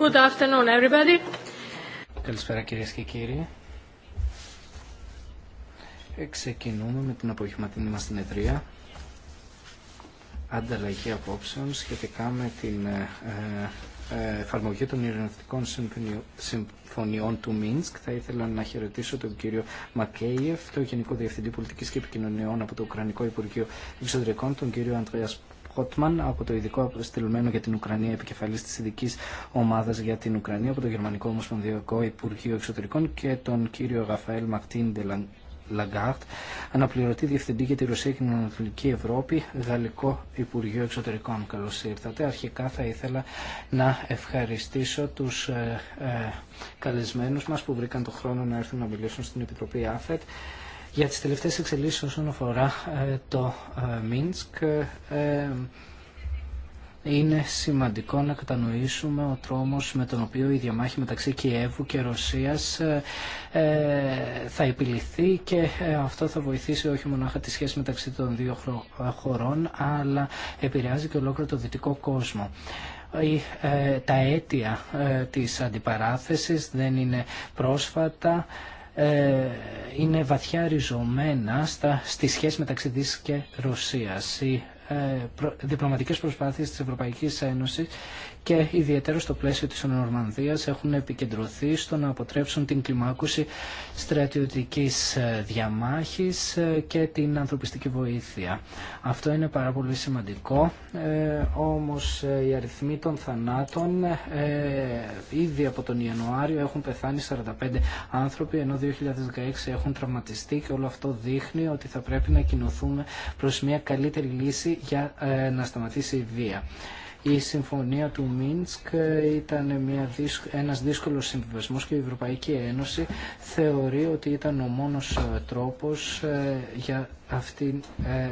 Good afternoon, everybody. Καλησπέρα κυρίες και κύριοι. Ξεκινούμε με την απογευματινή μας συνεδρία. Ανταλλαγή απόψεων σχετικά με την ε, ε, εφαρμογή των ειρηνευτικών συμφωνιών του Μίνσκ. Θα ήθελα να χαιρετήσω τον κύριο Μακέιεφ, τον Γενικό Διευθυντή Πολιτικής και Επικοινωνιών από το Ουκρανικό Υπουργείο Εξωτερικών, τον κύριο Αντρέας Χότμαν από το ειδικό αποστηλωμένο για την Ουκρανία, επικεφαλή τη ειδική ομάδα για την Ουκρανία από το Γερμανικό Ομοσπονδιακό Υπουργείο Εξωτερικών και τον κύριο Ραφαέλ Μακτίν Ντελαν. Λαγκάρτ, αναπληρωτή διευθυντή για τη Ρωσία και την Ανατολική Ευρώπη, Γαλλικό Υπουργείο Εξωτερικών. Καλώ ήρθατε. Αρχικά θα ήθελα να ευχαριστήσω του ε, ε, καλεσμένου μα που βρήκαν τον χρόνο να έρθουν να μιλήσουν στην Επιτροπή ΑΦΕΤ. Για τις τελευταίες εξελίξεις όσον αφορά ε, το ε, Μίνσκ ε, είναι σημαντικό να κατανοήσουμε ο τρόμος με τον οποίο η διαμάχη μεταξύ Κιέβου και Ρωσίας θα επιληθεί και αυτό θα βοηθήσει όχι μονάχα τη σχέση μεταξύ των δύο χωρών αλλά επηρεάζει και ολόκληρο το δυτικό κόσμο τα αίτια της αντιπαράθεσης δεν είναι πρόσφατα ε, είναι βαθιά ριζωμένα στα, στη σχέση μεταξύ της και Ρωσίας. Οι ε, διπλωματικές προσπάθειες της Ευρωπαϊκής Ένωσης και ιδιαίτερα στο πλαίσιο της Ονορμανδίας έχουν επικεντρωθεί στο να αποτρέψουν την κλιμάκωση στρατιωτικής ε, διαμάχης ε, και την ανθρωπιστική βοήθεια. Αυτό είναι πάρα πολύ σημαντικό, ε, όμως ε, οι αριθμοί των θανάτων ε, ήδη από τον Ιανουάριο έχουν πεθάνει 45 άνθρωποι, ενώ 2016 έχουν τραυματιστεί και όλο αυτό δείχνει ότι θα πρέπει να κινηθούμε προς μια καλύτερη λύση για να σταματήσει η βία. Η συμφωνία του Μίνσκ ήταν μια, ένας δύσκολος συμβιβασμός και η Ευρωπαϊκή Ένωση θεωρεί ότι ήταν ο μόνος ε, τρόπος ε, για αυτή,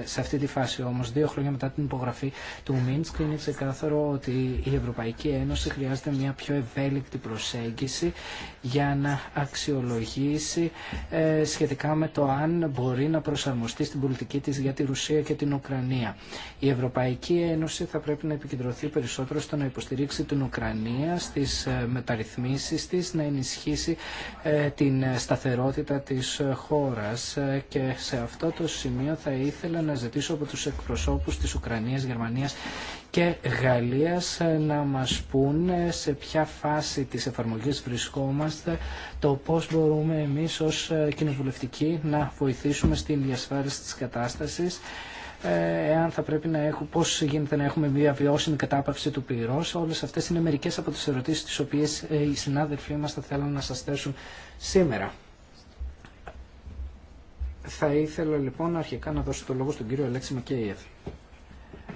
ε, σε αυτή τη φάση. Όμως δύο χρόνια μετά την υπογραφή του Μίνσκ είναι ξεκάθαρο ότι η Ευρωπαϊκή Ένωση χρειάζεται μια πιο ευέλικτη προσέγγιση για να αξιολογήσει σχετικά με το αν μπορεί να προσαρμοστεί στην πολιτική της για τη Ρουσία και την Ουκρανία. Η Ευρωπαϊκή Ένωση θα πρέπει να επικεντρωθεί προσπαθεί περισσότερο στο να υποστηρίξει την Ουκρανία στις ε, μεταρρυθμίσεις της, να ενισχύσει ε, την σταθερότητα της χώρας. Ε, και σε αυτό το σημείο θα ήθελα να ζητήσω από τους εκπροσώπους της Ουκρανίας, Γερμανίας και Γαλλίας να μας πούν σε ποια φάση της εφαρμογής βρισκόμαστε, το πώς μπορούμε εμείς ως κοινοβουλευτικοί να βοηθήσουμε στην διασφάλιση της κατάστασης ε, εάν θα πρέπει να έχουμε, πώς γίνεται να έχουμε μια βιώσιμη κατάπαυση του πυρός. Όλες αυτές είναι μερικές από τις ερωτήσεις τις οποίες ε, οι συνάδελφοί μας θα θέλουν να σας θέσουν σήμερα. Θα ήθελα λοιπόν αρχικά να δώσω το λόγο στον κύριο Αλέξη Μακέιεφ.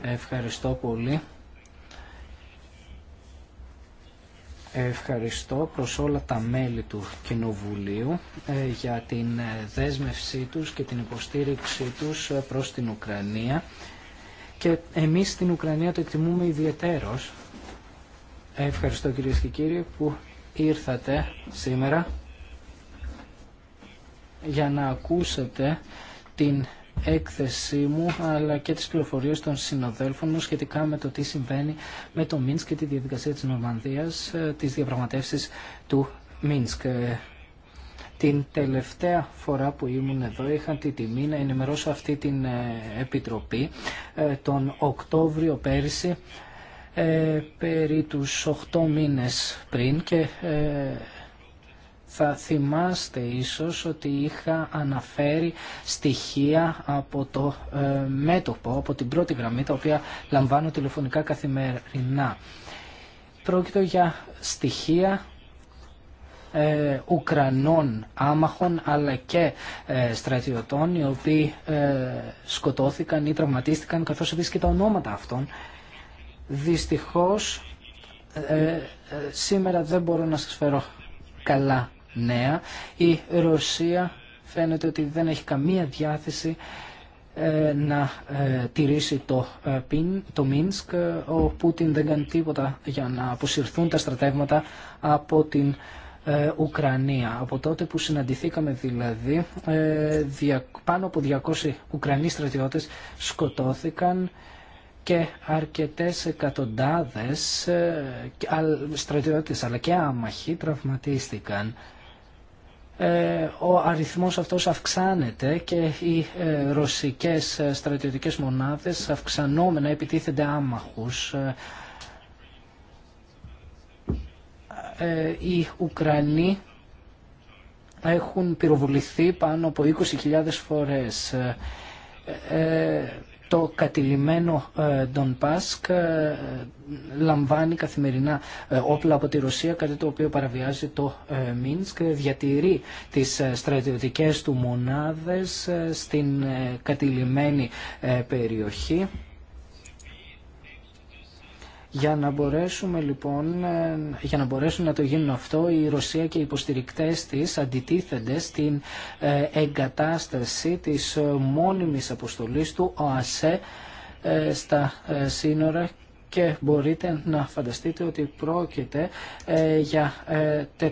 Ευχαριστώ πολύ. Ευχαριστώ προς όλα τα μέλη του Κοινοβουλίου ε, για την ε, δέσμευσή τους και την υποστήριξή τους ε, προς την Ουκρανία και εμείς στην Ουκρανία το εκτιμούμε ιδιαιτέρως. Ευχαριστώ κυρίες και κύριοι που ήρθατε σήμερα για να ακούσετε την έκθεσή μου αλλά και τις πληροφορίες των συνοδέλφων μου σχετικά με το τι συμβαίνει με το Μίνσκ και τη διαδικασία της Νορμανδίας, ε, τις διαπραγματεύσεις του Μίνσκ. Ε, την τελευταία φορά που ήμουν εδώ είχα τη τιμή να ενημερώσω αυτή την ε, επιτροπή τον Οκτώβριο πέρυσι περί τους 8 μήνες πριν και θα θυμάστε ίσως ότι είχα αναφέρει στοιχεία από το ε, μέτωπο, από την πρώτη γραμμή, τα οποία λαμβάνω τηλεφωνικά καθημερινά. Πρόκειται για στοιχεία ε, Ουκρανών άμαχων αλλά και ε, στρατιωτών οι οποίοι ε, σκοτώθηκαν ή τραυματίστηκαν καθώς επίσης και τα ονόματα αυτών. Δυστυχώς σήμερα δεν μπορώ να σας φέρω καλά νέα. Η Ρωσία φαίνεται ότι δεν έχει καμία διάθεση ε, να ε, τηρήσει το, ε, πιν, το Μίνσκ. Ο Πούτιν δεν κάνει τίποτα για να αποσυρθούν τα στρατεύματα από την Ουκρανία. Από τότε που συναντηθήκαμε δηλαδή πάνω από 200 Ουκρανοί στρατιώτες σκοτώθηκαν και αρκετές εκατοντάδες στρατιώτες αλλά και άμαχοι τραυματίστηκαν. Ε, ο αριθμός αυτός αυξάνεται και οι ε, ρωσικές ε, στρατιωτικές μονάδες αυξανόμενα επιτίθενται άμαχους. Οι Ουκρανοί έχουν πυροβοληθεί πάνω από 20.000 φορές το κατηλημένο Ντον ε, Πάσκ ε, λαμβάνει καθημερινά ε, όπλα από τη Ρωσία, κάτι το οποίο παραβιάζει το Μίνσκ, διατηρεί τις στρατιωτικές του μονάδες στην κατηλημένη περιοχή. Για να μπορέσουμε λοιπόν, ε, για να μπορέσουν να το γίνουν αυτό, η Ρωσία και οι υποστηρικτές της αντιτίθενται στην ε, εγκατάσταση της ε, μόνιμης αποστολής του ΟΑΣΕ στα σύνορα και μπορείτε να φανταστείτε ότι πρόκειται ε, για 400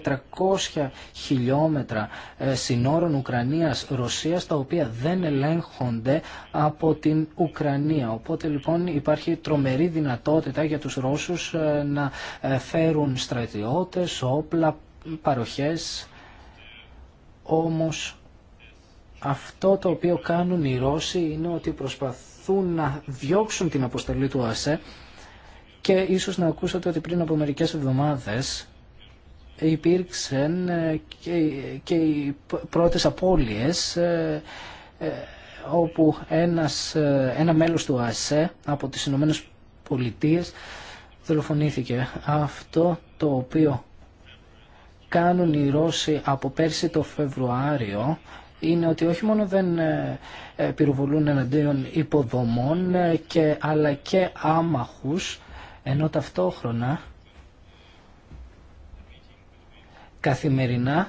ε, χιλιόμετρα ε, συνόρων Ουκρανίας-Ρωσίας τα οποία δεν ελέγχονται από την Ουκρανία. Οπότε λοιπόν υπάρχει τρομερή δυνατότητα για τους Ρώσους να φέρουν στρατιώτες, όπλα, παροχές. Όμως αυτό το οποίο κάνουν οι Ρώσοι είναι ότι προσπαθούν να διώξουν την αποστολή του ΑΣΕ και ίσως να ακούσατε ότι πριν από μερικές εβδομάδες υπήρξαν ε, και οι πρώτες απώλειες ε, ε, όπου ένας, ένα μέλος του ΑΣΕ από τις Ηνωμένε Πολιτείε δολοφονήθηκε. Αυτό το οποίο κάνουν οι Ρώσοι από πέρσι το Φεβρουάριο είναι ότι όχι μόνο δεν πυροβολούν εναντίον υποδομών και, αλλά και άμαχους ενώ ταυτόχρονα καθημερινά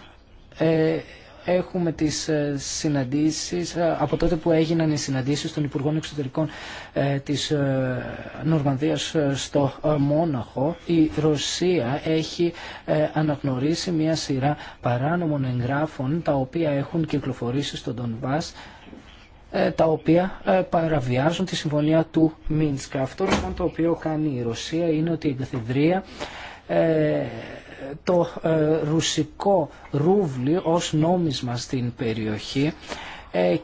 ε, έχουμε τις ε, συναντήσεις ε, από τότε που έγιναν οι συναντήσεις των Υπουργών Εξωτερικών της Νορμανδίας στο Μόναχο η Ρωσία έχει αναγνωρίσει μια σειρά παράνομων εγγράφων τα οποία έχουν κυκλοφορήσει στον Τονβάς ε, τα οποία ε, παραβιάζουν τη συμφωνία του Μίνσκα. Αυτό λοιπόν το οποίο κάνει η Ρωσία είναι ότι η εγκαθιδρία ε, το ρουσικό ρούβλι ως νόμισμα στην περιοχή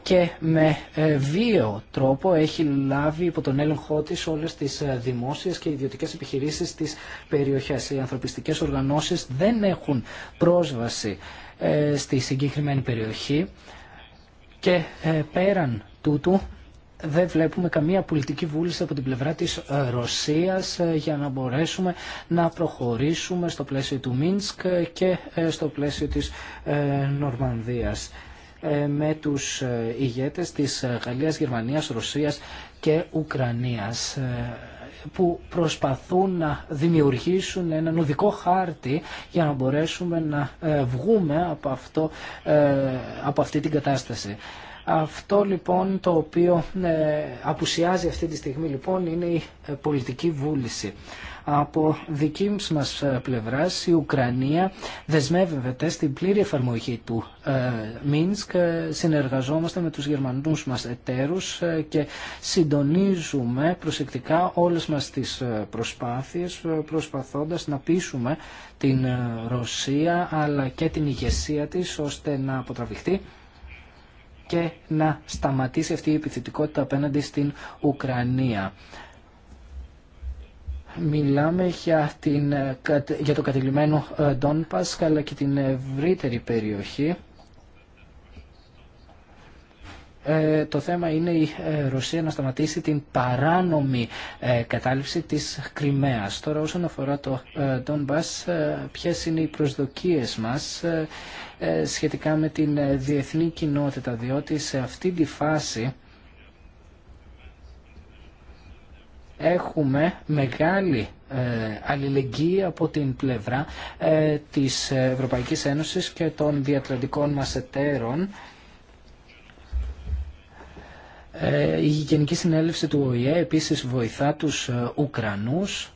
και με βίαιο τρόπο έχει λάβει υπό τον έλεγχό της όλες τις δημόσιες και ιδιωτικές επιχειρήσεις της περιοχής. Οι ανθρωπιστικές οργανώσεις δεν έχουν πρόσβαση στη συγκεκριμένη περιοχή και ε, πέραν τούτου δεν βλέπουμε καμία πολιτική βούληση από την πλευρά της ε, Ρωσίας ε, για να μπορέσουμε να προχωρήσουμε στο πλαίσιο του Μίνσκ και στο πλαίσιο της Νορμανδίας με τους ηγέτες της Γαλλίας, Γερμανίας, Ρωσίας και Ουκρανίας που προσπαθούν να δημιουργήσουν έναν οδικό χάρτη για να μπορέσουμε να ε, βγούμε από, αυτό, ε, από αυτή την κατάσταση. Αυτό λοιπόν το οποίο ε, απουσιάζει αυτή τη στιγμή λοιπόν είναι η πολιτική βούληση. Από δική μας ε, πλευράς η Ουκρανία δεσμεύεται στην πλήρη εφαρμογή του ε, Μίνσκ. Ε, συνεργαζόμαστε με τους γερμανούς μας εταίρους και συντονίζουμε προσεκτικά όλες μας τις προσπάθειες προσπαθώντας να πείσουμε την Ρωσία αλλά και την ηγεσία της ώστε να αποτραβηχτεί και να σταματήσει αυτή η επιθετικότητα απέναντι στην Ουκρανία μιλάμε για, την, για το κατελημένο Ντόν αλλά και την ευρύτερη περιοχή. Ε, το θέμα είναι η ε, Ρωσία να σταματήσει την παράνομη ε, κατάληψη της Κρυμαίας. Τώρα όσον αφορά το Ντόνμπας, ποιες είναι οι προσδοκίες μας σχετικά με την διεθνή κοινότητα, διότι σε αυτή τη φάση έχουμε μεγάλη ε, αλληλεγγύη από την πλευρά ε, της Ευρωπαϊκής Ένωσης και των διατλαντικών μας εταίρων. Ε, η Γενική Συνέλευση του ΟΗΕ επίσης βοηθά τους Ουκρανούς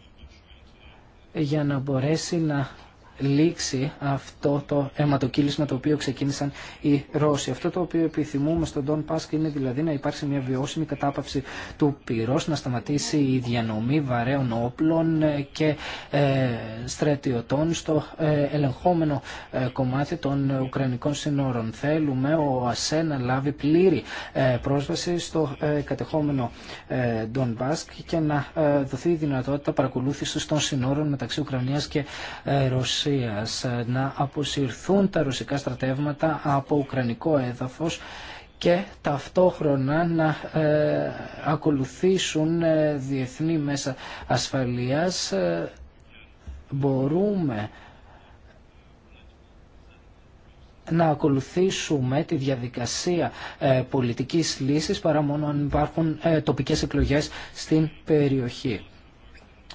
για να μπορέσει να λήξει αυτό το αιματοκύλισμα το οποίο ξεκίνησαν οι Ρώσοι. Αυτό το οποίο επιθυμούμε στον Τον Πάσκ είναι δηλαδή να υπάρξει μια βιώσιμη κατάπαυση του πυρός, να σταματήσει η διανομή βαρέων όπλων και ε, στρατιωτών στο ε, ελεγχόμενο ε, κομμάτι των Ουκρανικών σύνορων. Θέλουμε ο ΑΣΕ να λάβει πλήρη πρόσβαση στο κατεχόμενο Τον Πάσκ και να δοθεί η δυνατότητα παρακολούθησης των σύνορων μεταξύ Ουκρανίας και Ρωσίας ε, να αποσυρθούν τα ρωσικά στρατεύματα από ουκρανικό έδαφος και ταυτόχρονα να ε, ακολουθήσουν ε, διεθνή μέσα ασφαλείας. μπορούμε να ακολουθήσουμε τη διαδικασία πολιτικής λύσης παρά μόνο αν υπάρχουν τοπικές εκλογές στην περιοχή.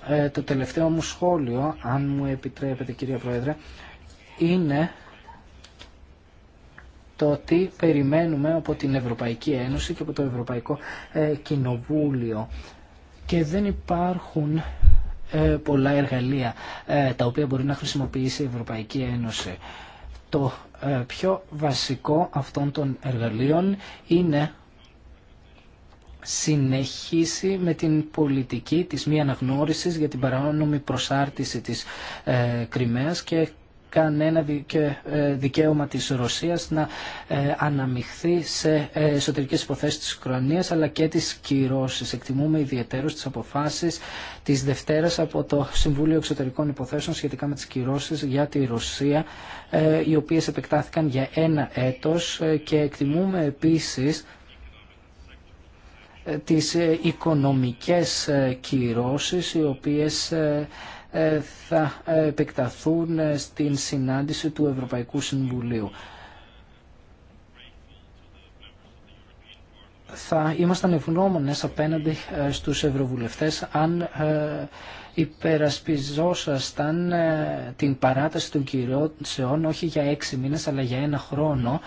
Ε, το τελευταίο μου σχόλιο, αν μου επιτρέπετε κυρία Πρόεδρε, είναι το τι περιμένουμε από την Ευρωπαϊκή Ένωση και από το Ευρωπαϊκό ε, Κοινοβούλιο. Και δεν υπάρχουν ε, πολλά εργαλεία τα οποία μπορεί να χρησιμοποιήσει η Ευρωπαϊκή Ένωση. Το πιο βασικό αυτών των εργαλείων είναι συνεχίσει με την πολιτική της μη αναγνώρισης για την παράνομη προσάρτηση της ε, Κρυμαίας και κανένα ε, δικαίωμα της Ρωσίας να ε, αναμειχθεί σε ε, εσωτερικές υποθέσεις της Ουκρανίας αλλά και τις κυρώσεις. Εκτιμούμε ιδιαίτερως τις αποφάσεις της Δευτέρας από το Συμβούλιο Εξωτερικών Υποθέσεων σχετικά με τις κυρώσεις για τη Ρωσία οι οποίες επεκτάθηκαν για ένα έτος και εκτιμούμε επίσης τις ε, οικονομικές ε, κυρώσεις οι οποίες ε, θα επεκταθούν στην συνάντηση του Ευρωπαϊκού Συμβουλίου. Θα ήμασταν ευγνώμονες απέναντι στους ευρωβουλευτές αν υπερασπιζόσασταν την παράταση των κυρώσεων όχι για έξι μήνες αλλά για ένα χρόνο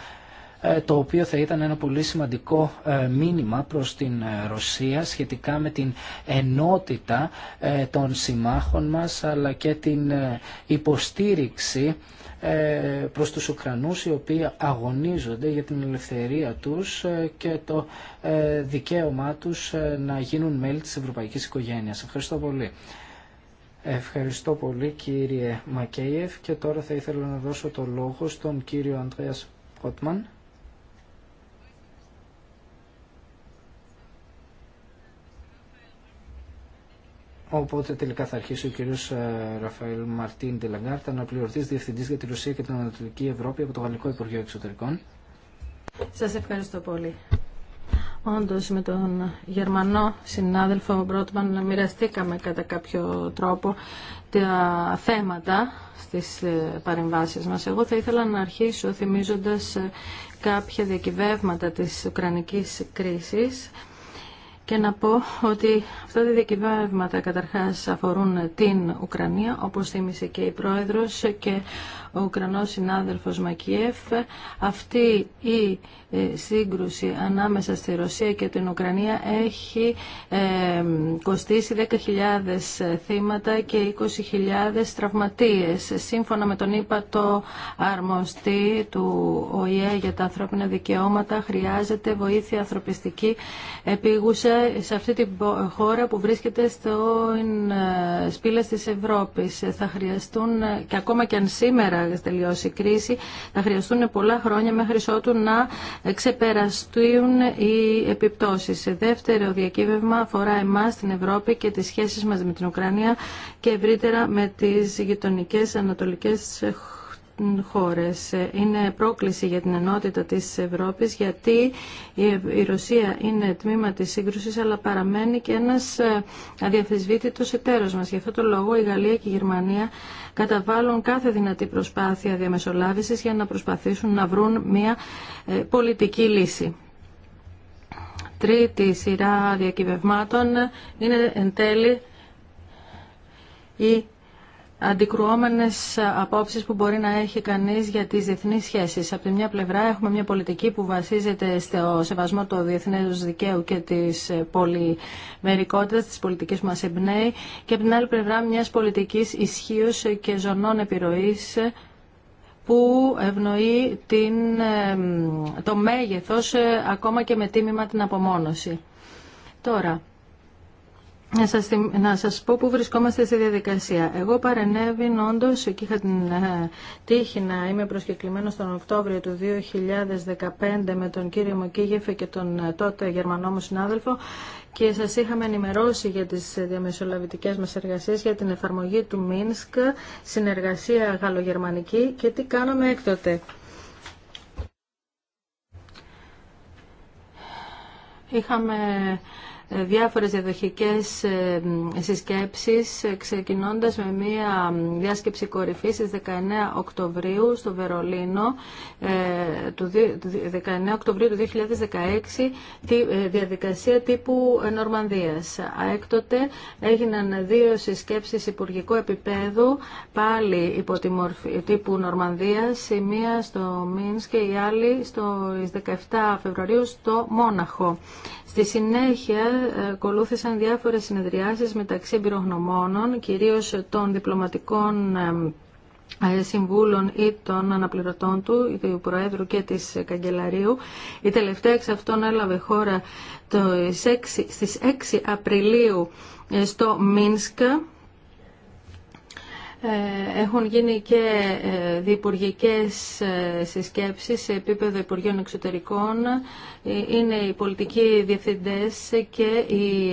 ε, το οποίο θα ήταν ένα πολύ σημαντικό ε, μήνυμα προς την ε, Ρωσία σχετικά με την ενότητα των συμμάχων μας αλλά και την υποστήριξη προς τους Ουκρανούς οι οποίοι αγωνίζονται για την ελευθερία τους και το δικαίωμά τους να γίνουν μέλη της ευρωπαϊκής οικογένειας. Ευχαριστώ πολύ. Ευχαριστώ πολύ κύριε Μακέιεφ και τώρα θα ήθελα να δώσω το λόγο στον κύριο Αντρέας Πρότμαν Οπότε τελικά θα αρχίσει ο κύριος ε, Ραφαήλ Μαρτίν Τελαγκάρτα να πληρωθεί διευθυντής για τη Ρωσία και την Ανατολική Ευρώπη από το Γαλλικό Υπουργείο Εξωτερικών. Σα ευχαριστώ πολύ. Όντω με τον Γερμανό συνάδελφο Μπρότμαν μοιραστήκαμε κατά κάποιο τρόπο τα θέματα στις ε, παρεμβάσει μα. Εγώ θα ήθελα να αρχίσω θυμίζοντα ε, κάποια διακυβεύματα τη Ουκρανική κρίση και να πω ότι αυτά τα διακυβεύματα καταρχάς αφορούν την Ουκρανία, όπως θύμισε και η Πρόεδρος και ο Ουκρανός συνάδελφος Μακιέφ, αυτή η ε, σύγκρουση ανάμεσα στη Ρωσία και την Ουκρανία έχει ε, κοστίσει 10.000 θύματα και 20.000 τραυματίες. Σύμφωνα με τον είπα το αρμοστή του ΟΗΕ για τα ανθρώπινα δικαιώματα χρειάζεται βοήθεια ανθρωπιστική επίγουσα σε αυτή τη χώρα που βρίσκεται στο ε, σπήλα της Ευρώπης. Θα χρειαστούν και ακόμα και αν σήμερα τελειώσει η κρίση, θα χρειαστούν πολλά χρόνια μέχρι ότου να ξεπεραστούν οι επιπτώσεις. Σε δεύτερο διακύβευμα αφορά εμάς την Ευρώπη και τις σχέσεις μας με την Ουκρανία και ευρύτερα με τις γειτονικέ ανατολικές χώρε χώρες. Είναι πρόκληση για την ενότητα της Ευρώπης γιατί η Ρωσία είναι τμήμα της σύγκρουσης αλλά παραμένει και ένας ε, αδιαφεσβήτητος εταίρος μας. Γι' αυτό το λόγο η Γαλλία και η Γερμανία καταβάλουν κάθε δυνατή προσπάθεια διαμεσολάβησης για να προσπαθήσουν να βρουν μια ε, πολιτική λύση τρίτη σειρά διακυβευμάτων είναι εν τέλει η αντικρουόμενες απόψεις που μπορεί να έχει κανείς για τις διεθνείς σχέσεις. Από τη μια πλευρά έχουμε μια πολιτική που βασίζεται στο σεβασμό του διεθνούς δικαίου και της πολυμερικότητας της πολιτικής που μας εμπνέει και από την άλλη πλευρά μιας πολιτικής ισχύω και ζωνών επιρροής που ευνοεί την, το μέγεθος ακόμα και με τίμημα την απομόνωση. Τώρα, να σας, να σας πω που βρισκόμαστε στη διαδικασία. Εγώ παρενέβην όντω και είχα την ε, τύχη να είμαι προσκεκλημένος τον Οκτώβριο του 2015 με τον κύριο Μοκίγεφε και τον ε, τότε γερμανό μου συνάδελφο και σας είχαμε ενημερώσει για τις διαμεσολαβητικές μας εργασίες για την εφαρμογή του Μίνσκ, συνεργασία γαλλογερμανική και τι κάναμε έκτοτε. Είχαμε διάφορες διαδοχικές ε, συσκέψεις ε, ξεκινώντας με μία διάσκεψη κορυφής στις 19 Οκτωβρίου στο Βερολίνο ε, του 19 Οκτωβρίου του 2016 τη διαδικασία τύπου Νορμανδίας. Έκτοτε έγιναν δύο συσκέψεις υπουργικού επίπεδου πάλι υπό τη μορφή τύπου Νορμανδίας η μία στο Μίνσκ και η άλλη στο 17 Φεβρουαρίου στο Μόναχο. Στη συνέχεια ακολούθησαν διάφορες συνεδριάσεις μεταξύ εμπειρογνωμόνων, κυρίως των διπλωματικών ε, συμβούλων ή των αναπληρωτών του, του Προέδρου και της Καγκελαρίου. Η τελευταία εξ αυτών έλαβε χώρα το στις 6 Απριλίου ε, στο Μίνσκα ε, έχουν γίνει και ε, διπουργικές ε, συσκέψεις σε επίπεδο Υπουργείων Εξωτερικών. Είναι οι πολιτικοί διευθυντές και οι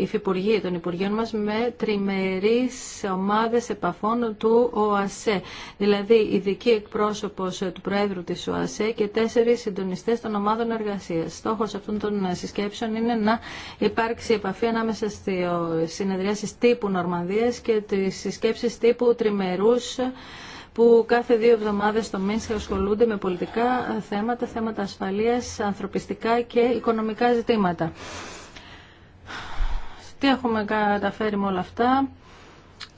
υφυπουργοί των Υπουργείων μας με τριμερείς ομάδες επαφών του ΟΑΣΕ. Δηλαδή ειδική εκπρόσωπος του Προέδρου της ΟΑΣΕ και τέσσερις συντονιστές των ομάδων εργασίας. Στόχος αυτών των συσκέψεων είναι να υπάρξει επαφή ανάμεσα στις συνεδριάσεις τύπου Νορμανδίας και τις τύπου τριμερού που κάθε δύο εβδομάδε στο ΜΕΝΣ ασχολούνται με πολιτικά θέματα, θέματα ασφαλεία, ανθρωπιστικά και οικονομικά ζητήματα. Τι έχουμε καταφέρει με όλα αυτά.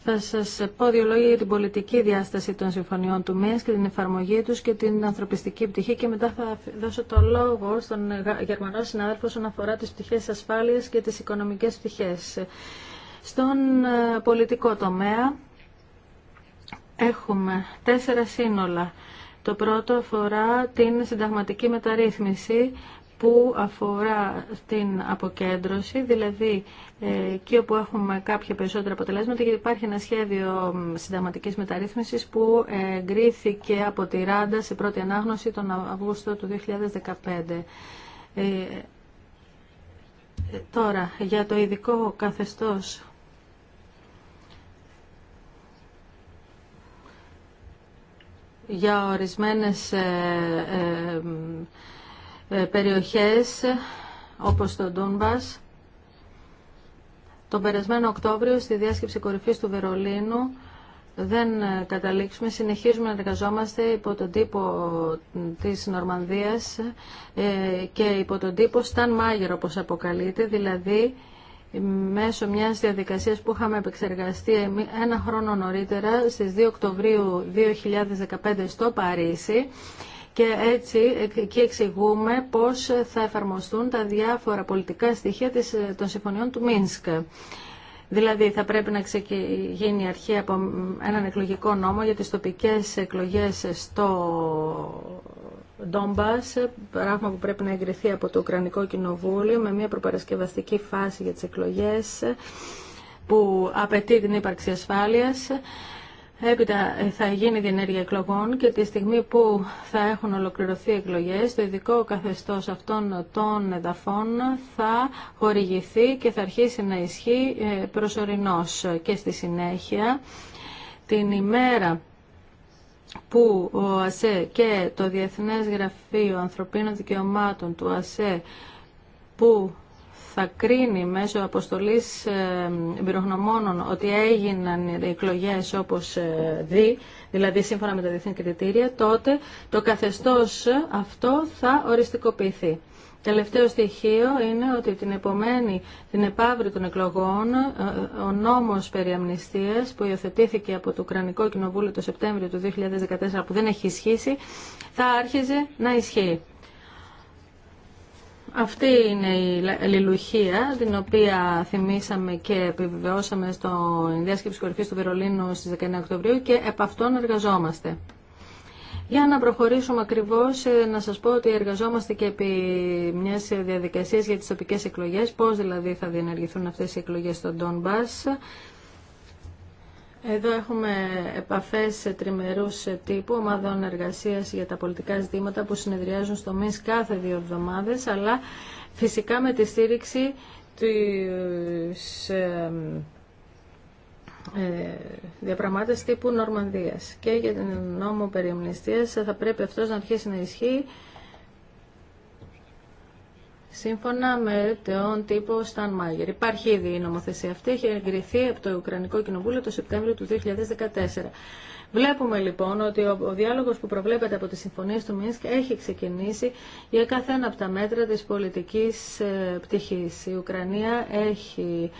Θα σα πω δύο λόγια για την πολιτική διάσταση των συμφωνιών του ΜΕΣ και την εφαρμογή του και την ανθρωπιστική πτυχή και μετά θα δώσω το λόγο στον Γερμανό συνάδελφο όσον αφορά τι πτυχέ ασφάλεια και τι οικονομικέ πτυχέ. Στον ε, πολιτικό τομέα, Έχουμε τέσσερα σύνολα. Το πρώτο αφορά την συνταγματική μεταρρύθμιση που αφορά την αποκέντρωση, δηλαδή ε, εκεί όπου έχουμε κάποια περισσότερα αποτελέσματα γιατί υπάρχει ένα σχέδιο συνταγματικής μεταρρύθμισης που εγκρίθηκε από τη Ράντα σε πρώτη ανάγνωση τον Αυγούστο του 2015. Ε, τώρα, για το ειδικό καθεστώς για ορισμένες ε, ε, ε, περιοχές όπως το Ντούνμπας. Τον περασμένο Οκτώβριο στη διάσκεψη κορυφής του Βερολίνου δεν καταλήξουμε, συνεχίζουμε να εργαζόμαστε υπό τον τύπο της Νορμανδίας και υπό τον τύπο Σταν Μάγερ όπως αποκαλείται, δηλαδή μέσω μιας διαδικασίας που είχαμε επεξεργαστεί ένα χρόνο νωρίτερα στις 2 Οκτωβρίου 2015 στο Παρίσι και έτσι εκεί εξηγούμε πώς θα εφαρμοστούν τα διάφορα πολιτικά στοιχεία των συμφωνιών του Μίνσκ. Δηλαδή θα πρέπει να γίνει η αρχή από έναν εκλογικό νόμο για τις τοπικές εκλογές στο Ντόμπας, πράγμα που πρέπει να εγκριθεί από το Ουκρανικό Κοινοβούλιο με μια προπαρασκευαστική φάση για τις εκλογές που απαιτεί την ύπαρξη ασφάλειας. Έπειτα ε, θα γίνει η ενέργεια εκλογών και τη στιγμή που θα έχουν ολοκληρωθεί εκλογές, το ειδικό καθεστώς αυτών των εδαφών θα χορηγηθεί και θα αρχίσει να ισχύει ε, προσωρινώς και στη συνέχεια την ημέρα που ο ΑΣΕ και το Διεθνές Γραφείο Ανθρωπίνων Δικαιωμάτων του ΑΣΕ που θα κρίνει μέσω αποστολής ε, εμπειρογνωμόνων ότι έγιναν εκλογές όπως ε, δει, δηλαδή σύμφωνα με τα διεθνή κριτήρια, τότε το καθεστώς αυτό θα οριστικοποιηθεί. Τελευταίο στοιχείο είναι ότι την επομένη, την επαύρη των εκλογών, ε, ο νόμος περί αμνηστίας που υιοθετήθηκε από το Ουκρανικό Κοινοβούλιο το Σεπτέμβριο του 2014 που δεν έχει ισχύσει, θα άρχιζε να ισχύει. Αυτή είναι η λιλουχία, την οποία θυμήσαμε και επιβεβαιώσαμε στο διάσκεψη κορυφής του Βερολίνου στις 19 Οκτωβρίου και επ' αυτόν εργαζόμαστε. Για να προχωρήσουμε ακριβώ ε, να σα πω ότι εργαζόμαστε και επί μια διαδικασία για τι τοπικέ εκλογέ. Πώ δηλαδή θα διενεργηθούν αυτέ οι εκλογέ στον Ντόν εδώ έχουμε επαφές σε τριμερούς τύπου ομάδων εργασίας για τα πολιτικά ζητήματα που συνεδριάζουν στο ΜΙΣ κάθε δύο εβδομάδες, αλλά φυσικά με τη στήριξη της ε, ε, διαπραγμάτευση τύπου Νορμανδίας. Και για τον νόμο περί θα πρέπει αυτός να αρχίσει να ισχύει σύμφωνα με τον τύπο Σταν Μάγερ. Υπάρχει ήδη η νομοθεσία αυτή, έχει εγκριθεί από το Ουκρανικό Κοινοβούλιο το Σεπτέμβριο του 2014. Βλέπουμε λοιπόν ότι ο διάλογος που προβλέπεται από τις συμφωνίες του Μίνσκ έχει ξεκινήσει για καθένα από τα μέτρα της πολιτικής ε, πτυχής. Η Ουκρανία έχει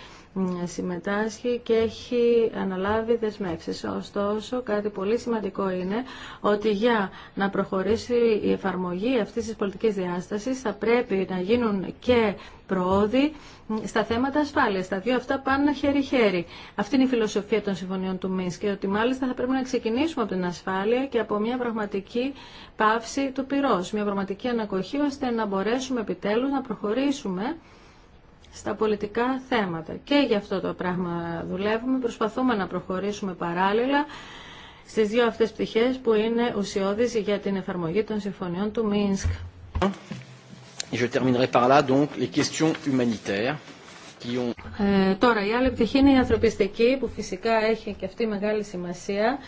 συμμετάσχει και έχει αναλάβει δεσμεύσεις. Ωστόσο, κάτι πολύ σημαντικό είναι ότι για να προχωρήσει η εφαρμογή αυτής της πολιτικής διάστασης θα πρέπει να γίνουν και προόδοι στα θέματα ασφάλεια. Τα δύο αυτά πάνε χέρι-χέρι. Αυτή είναι η φιλοσοφία των συμφωνιών του ΜΙΣ και ότι μάλιστα θα πρέπει να ξεκινήσουμε από την ασφάλεια και από μια πραγματική πάυση του πυρός, μια πραγματική ανακοχή ώστε να μπορέσουμε επιτέλους να προχωρήσουμε στα πολιτικά θέματα. Και γι' αυτό το πράγμα δουλεύουμε. Προσπαθούμε να προχωρήσουμε παράλληλα στις δύο αυτές πτυχές που είναι ουσιώδεις για την εφαρμογή των συμφωνιών του Μίνσκ. τώρα, η άλλη πτυχή είναι η ανθρωπιστική, που φυσικά έχει και αυτή μεγάλη σημασία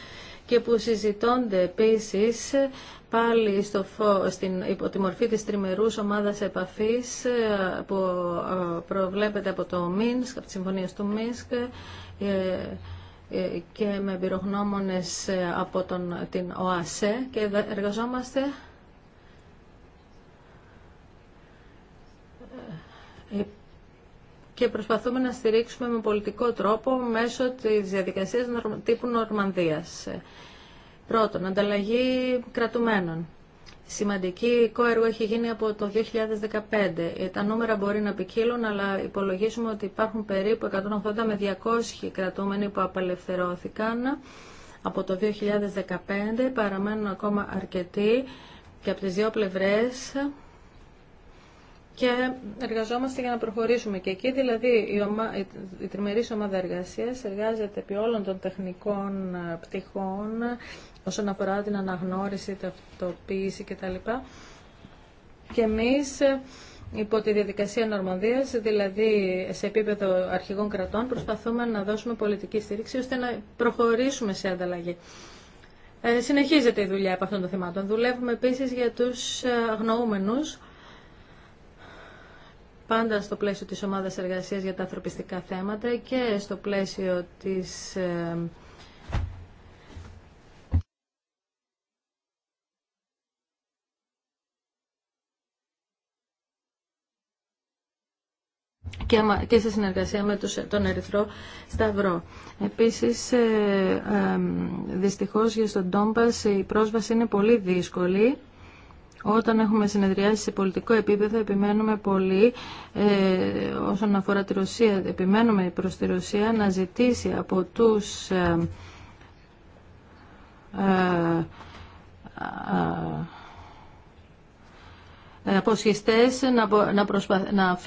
και που συζητώνται επίσης πάλι στο στην, υπό τη μορφή της τριμερούς ομάδας επαφής ε, που ε, προβλέπεται από το Μίνσκ, από τη συμφωνία του Μίνσκ ε, και με εμπειρογνώμονες από την ΟΑΣΕ και εργαζόμαστε και προσπαθούμε να στηρίξουμε με πολιτικό τρόπο μέσω της διαδικασίας τύπου Νορμανδίας. Πρώτον, ανταλλαγή κρατουμένων. Σημαντική κόεργο έχει γίνει από το 2015. Τα νούμερα μπορεί να ποικίλουν, αλλά υπολογίζουμε ότι υπάρχουν περίπου 180 με 200 κρατούμενοι που απελευθερώθηκαν από το 2015. Παραμένουν ακόμα αρκετοί και από τις δύο πλευρές και εργαζόμαστε για να προχωρήσουμε. Και εκεί δηλαδή η, ομα... η τριμερής ομάδα εργασία εργάζεται επί όλων των τεχνικών ε, πτυχών όσον αφορά την αναγνώριση, ταυτοποίηση κτλ. Και εμείς ε, υπό τη διαδικασία Νορμανδίας, δηλαδή σε επίπεδο αρχηγών κρατών, προσπαθούμε να δώσουμε πολιτική στήριξη ώστε να προχωρήσουμε σε ανταλλαγή. Ε, συνεχίζεται η δουλειά από αυτών των θεμάτων. Δουλεύουμε επίσης για τους αγνοούμενους, πάντα στο πλαίσιο της ομάδας εργασίας για τα ανθρωπιστικά θέματα και στο πλαίσιο της ε, και σε συνεργασία με τον Ερυθρό Σταυρό. Επίσης, ε, ε, δυστυχώς για τον Τόμπας η πρόσβαση είναι πολύ δύσκολη όταν έχουμε συνεδριάσει σε πολιτικό επίπεδο επιμένουμε πολύ ε, όσον αφορά τη Ρωσία. Επιμένουμε προς τη Ρωσία να ζητήσει από τους ε, ε, ε, ε αποσχιστές να, να, να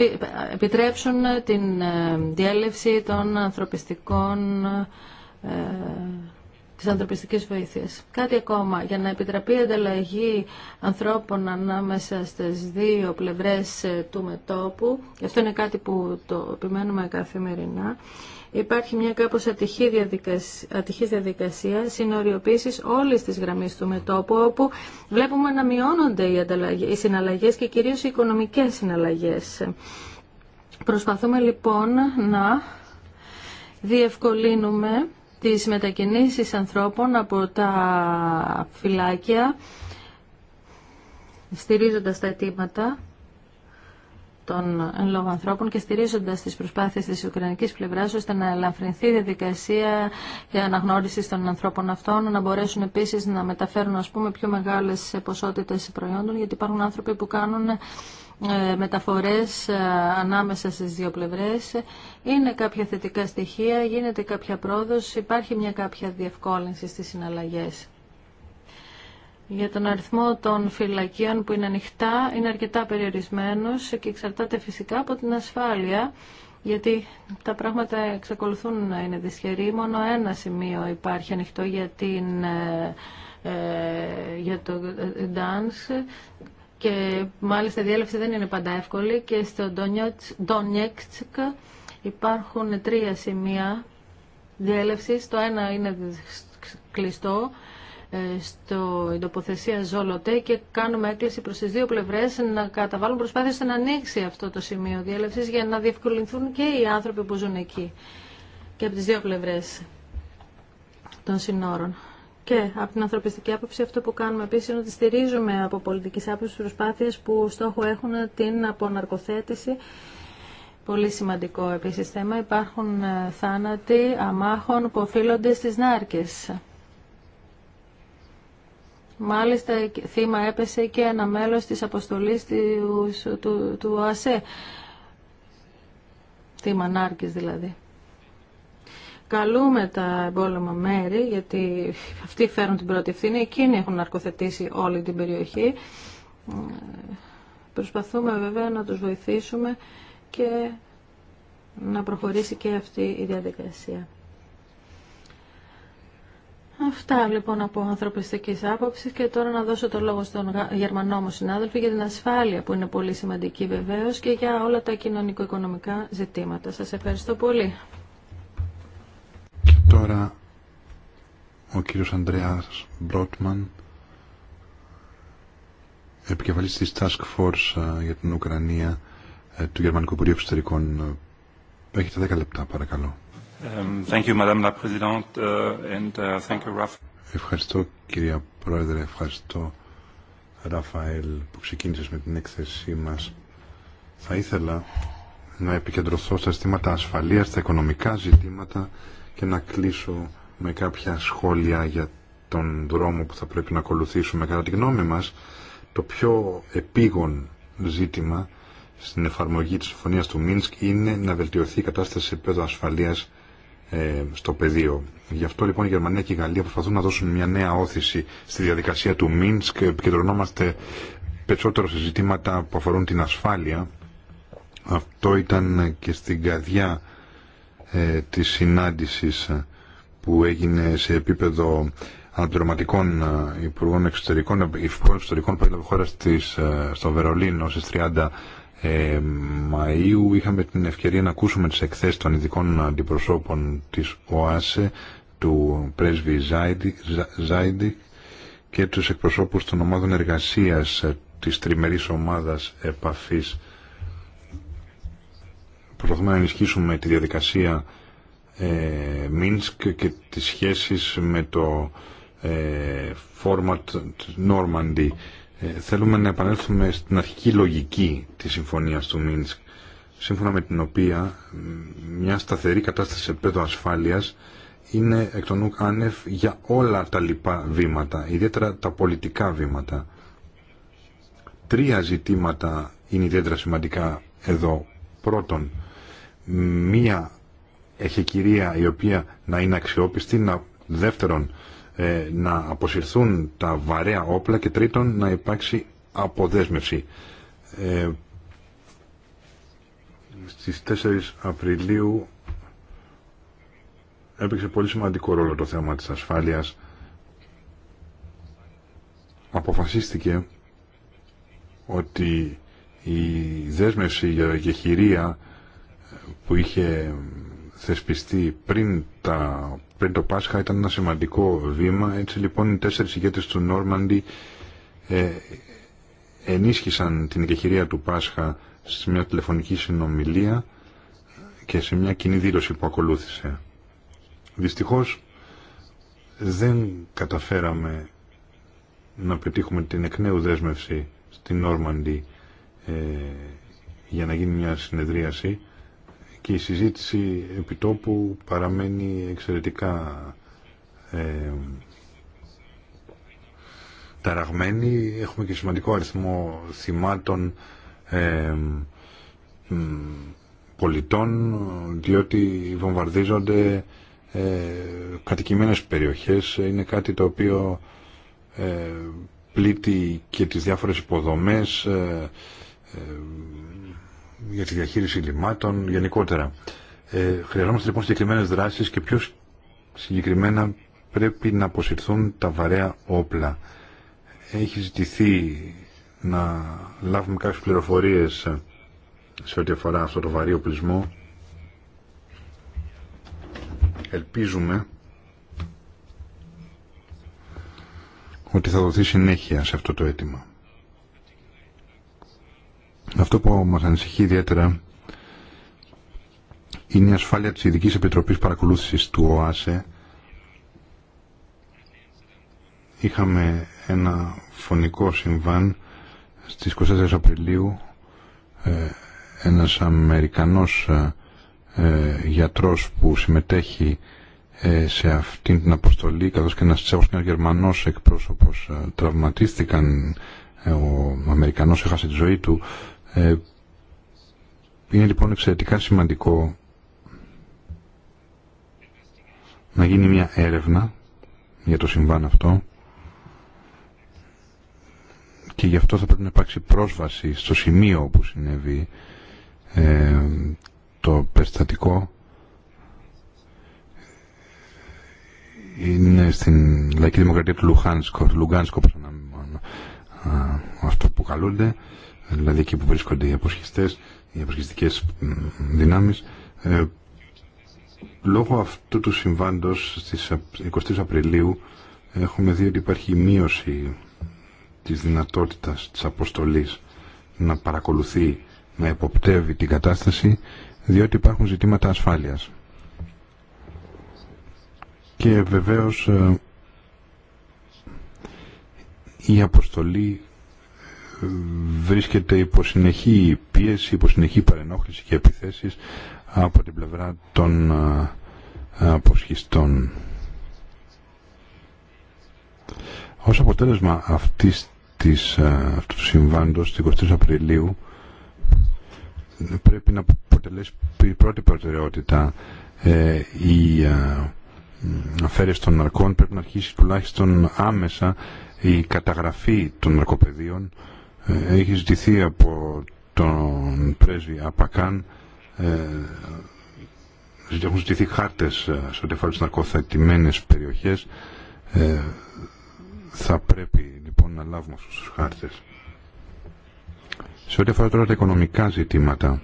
επιτρέψουν την διέλευση των ανθρωπιστικών της ανθρωπιστικής βοήθειας. Κάτι ακόμα, για να επιτραπεί η ανταλλαγή ανθρώπων ανάμεσα στις δύο πλευρές ε, του μετόπου, και αυτό είναι κάτι που το επιμένουμε καθημερινά, υπάρχει μια κάπως ατυχή διαδικασία, ατυχής διαδικασία συνοριοποίησης όλης της γραμμής του μετόπου, όπου βλέπουμε να μειώνονται οι, οι συναλλαγές και κυρίως οι οικονομικές συναλλαγέ. Προσπαθούμε λοιπόν να διευκολύνουμε τις μετακινήσεις ανθρώπων από τα φυλάκια, στηρίζοντας τα αιτήματα των εν λόγω ανθρώπων και στηρίζοντας τις προσπάθειες της Ουκρανικής πλευράς ώστε να ελαφρυνθεί η διαδικασία για αναγνώριση των ανθρώπων αυτών, να μπορέσουν επίσης να μεταφέρουν ας πούμε, πιο μεγάλες ποσότητες προϊόντων, γιατί υπάρχουν άνθρωποι που κάνουν ε, μεταφορές ε, ανάμεσα στις δύο πλευρές. Είναι κάποια θετικά στοιχεία, γίνεται κάποια πρόοδος, υπάρχει μια κάποια διευκόλυνση στις συναλλαγές. Για τον αριθμό των φυλακίων που είναι ανοιχτά είναι αρκετά περιορισμένος και εξαρτάται φυσικά από την ασφάλεια γιατί τα πράγματα εξακολουθούν να είναι δυσχεροί. Μόνο ένα σημείο υπάρχει ανοιχτό για, την, ε, για το Dance και μάλιστα η διέλευση δεν είναι πάντα εύκολη και στο Ντονιέξκ υπάρχουν τρία σημεία διέλευσης. Το ένα είναι κλειστό ε, στο η τοποθεσία Ζόλοτε και κάνουμε έκκληση προς τις δύο πλευρές να καταβάλουν προσπάθειες να ανοίξει αυτό το σημείο διέλευσης για να διευκολυνθούν και οι άνθρωποι που ζουν εκεί και από τις δύο πλευρές των συνόρων. Και από την ανθρωπιστική άποψη αυτό που κάνουμε επίσης είναι ότι στηρίζουμε από πολιτικής άποψης προσπάθειες που στόχο έχουν την αποναρκοθέτηση Πολύ σημαντικό επίσης θέμα. Υπάρχουν ε, θάνατοι αμάχων που οφείλονται στις νάρκες. Μάλιστα θύμα έπεσε και ένα μέλος της αποστολής του, του, του ΟΑΣΕ. Θύμα νάρκης δηλαδή καλούμε τα εμπόλεμα μέρη, γιατί αυτοί φέρουν την πρώτη ευθύνη, εκείνοι έχουν αρκοθετήσει όλη την περιοχή. Προσπαθούμε βέβαια να τους βοηθήσουμε και να προχωρήσει και αυτή η διαδικασία. Αυτά λοιπόν από ανθρωπιστική άποψη και τώρα να δώσω το λόγο στον Γερμανό μου συνάδελφο για την ασφάλεια που είναι πολύ σημαντική βεβαίως και για όλα τα κοινωνικο-οικονομικά ζητήματα. Σας ευχαριστώ πολύ. Και τώρα ο κύριος Ανδρέας Μπρότμαν επικεφαλής της Task Force ε, για την Ουκρανία ε, του Γερμανικού Υπουργείου Εξωτερικών. Ε, έχετε 10 λεπτά παρακαλώ. ευχαριστώ κυρία Πρόεδρε, ευχαριστώ Ραφαέλ που ξεκίνησες με την έκθεσή μας. Θα ήθελα να επικεντρωθώ στα ζητήματα ασφαλείας, στα οικονομικά ζητήματα και να κλείσω με κάποια σχόλια για τον δρόμο που θα πρέπει να ακολουθήσουμε. Κατά τη γνώμη μας, το πιο επίγον ζήτημα στην εφαρμογή της συμφωνίας του Μίνσκ είναι να βελτιωθεί η κατάσταση σε επίπεδο ασφαλείας ε, στο πεδίο. Γι' αυτό λοιπόν η Γερμανία και η Γαλλία προσπαθούν να δώσουν μια νέα όθηση στη διαδικασία του Μίνσκ. Επικεντρωνόμαστε περισσότερο σε ζητήματα που αφορούν την ασφάλεια. Αυτό ήταν και στην καρδιά ε, της συνάντησης ε, που έγινε σε επίπεδο αναπληρωματικών ε, υπουργών εξωτερικών, ε, υπουργών εξωτερικών που χώρα στο Βερολίνο στις 30 ε, Μαΐου. Είχαμε την ευκαιρία να ακούσουμε τις εκθέσεις των ειδικών αντιπροσώπων της ΟΑΣΕ, του πρέσβη Ζάιντι, Ζάιντι και τους εκπροσώπους των ομάδων εργασίας της τριμερής ομάδας επαφής προσπαθούμε να ενισχύσουμε τη διαδικασία ε, Μίνσκ και τις σχέσεις με το ε, format Normandy. Ε, θέλουμε να επανέλθουμε στην αρχική λογική της συμφωνίας του Μίνσκ, σύμφωνα με την οποία μια σταθερή κατάσταση σε επίπεδο ασφάλειας είναι εκ των ουκ άνευ για όλα τα λοιπά βήματα, ιδιαίτερα τα πολιτικά βήματα. Τρία ζητήματα είναι ιδιαίτερα σημαντικά εδώ. Πρώτον, μία εχεκυρία η οποία να είναι αξιόπιστη, να, δεύτερον ε, να αποσυρθούν τα βαρέα όπλα και τρίτον να υπάρξει αποδέσμευση. Ε, στις 4 Απριλίου έπαιξε πολύ σημαντικό ρόλο το θέμα της ασφάλειας. Αποφασίστηκε ότι η δέσμευση για γεχηρία που είχε θεσπιστεί πριν, τα, πριν το Πάσχα ήταν ένα σημαντικό βήμα. Έτσι λοιπόν οι τέσσερις ηγέτες του Νόρμαντι ε, ενίσχυσαν την εκεχειρία του Πάσχα σε μια τηλεφωνική συνομιλία και σε μια κοινή δήλωση που ακολούθησε. Δυστυχώς δεν καταφέραμε να πετύχουμε την εκ νέου δέσμευση στην Νόρμαντι ε, για να γίνει μια συνεδρίαση και η συζήτηση επιτόπου παραμένει εξαιρετικά ε, ταραγμένη. Έχουμε και σημαντικό αριθμό θυμάτων ε, πολιτών, διότι βομβαρδίζονται ε, κατοικημένες περιοχές. Είναι κάτι το οποίο ε, πλήττει και τις διάφορες υποδομές, ε, ε, για τη διαχείριση λιμάτων γενικότερα. Ε, χρειαζόμαστε λοιπόν συγκεκριμένε δράσεις και πιο συγκεκριμένα πρέπει να αποσυρθούν τα βαρέα όπλα. Έχει ζητηθεί να λάβουμε κάποιε πληροφορίες σε ό,τι αφορά αυτό το βαρύ οπλισμό. Ελπίζουμε ότι θα δοθεί συνέχεια σε αυτό το αίτημα. Αυτό που μας ανησυχεί ιδιαίτερα είναι η ασφάλεια της Ειδικής Επιτροπής Παρακολούθησης του ΟΑΣΕ. Είχαμε ένα φωνικό συμβάν στις 24 Απριλίου ε, ένας Αμερικανός ε, ε, γιατρός που συμμετέχει σε αυτήν την αποστολή καθώς και ένας Τσέχος και ένας Γερμανός εκπρόσωπος τραυματίστηκαν ο Αμερικανός έχασε τη ζωή του ε, είναι λοιπόν εξαιρετικά σημαντικό να γίνει μια έρευνα για το συμβάν αυτό και γι' αυτό θα πρέπει να υπάρξει πρόσβαση στο σημείο όπου συνέβη ε, το περιστατικό είναι στην Λαϊκή Δημοκρατία του Λουχάνσκο, Λουγκάνσκο αυτό που καλούνται δηλαδή εκεί που βρίσκονται οι αποσχιστές, οι αποσχιστικές δυνάμεις. Ε, λόγω αυτού του συμβάντος στις 23 Απριλίου έχουμε δει ότι υπάρχει μείωση της δυνατότητας της αποστολής να παρακολουθεί, να εποπτεύει την κατάσταση, διότι υπάρχουν ζητήματα ασφάλειας. Και βεβαίως ε, η αποστολή βρίσκεται υπό συνεχή πίεση, υπό συνεχή παρενόχληση και επιθέσεις από την πλευρά των αποσχιστών. Ως αποτέλεσμα αυτής της, αυτού του συμβάντος, στις 23 Απριλίου, πρέπει να αποτελέσει πρώτη προτεραιότητα ε, η αφαίρεση των ναρκών πρέπει να αρχίσει τουλάχιστον άμεσα η καταγραφή των ναρκοπαιδείων ε, έχει ζητηθεί από τον πρέσβη Απακάν ε, έχουν ζητηθεί χάρτες ε, σε ό,τι αφορά τις ναρκοθετημένες περιοχές θα πρέπει λοιπόν να λάβουμε αυτούς τους χάρτες σε ό,τι αφορά τώρα τα οικονομικά ζητήματα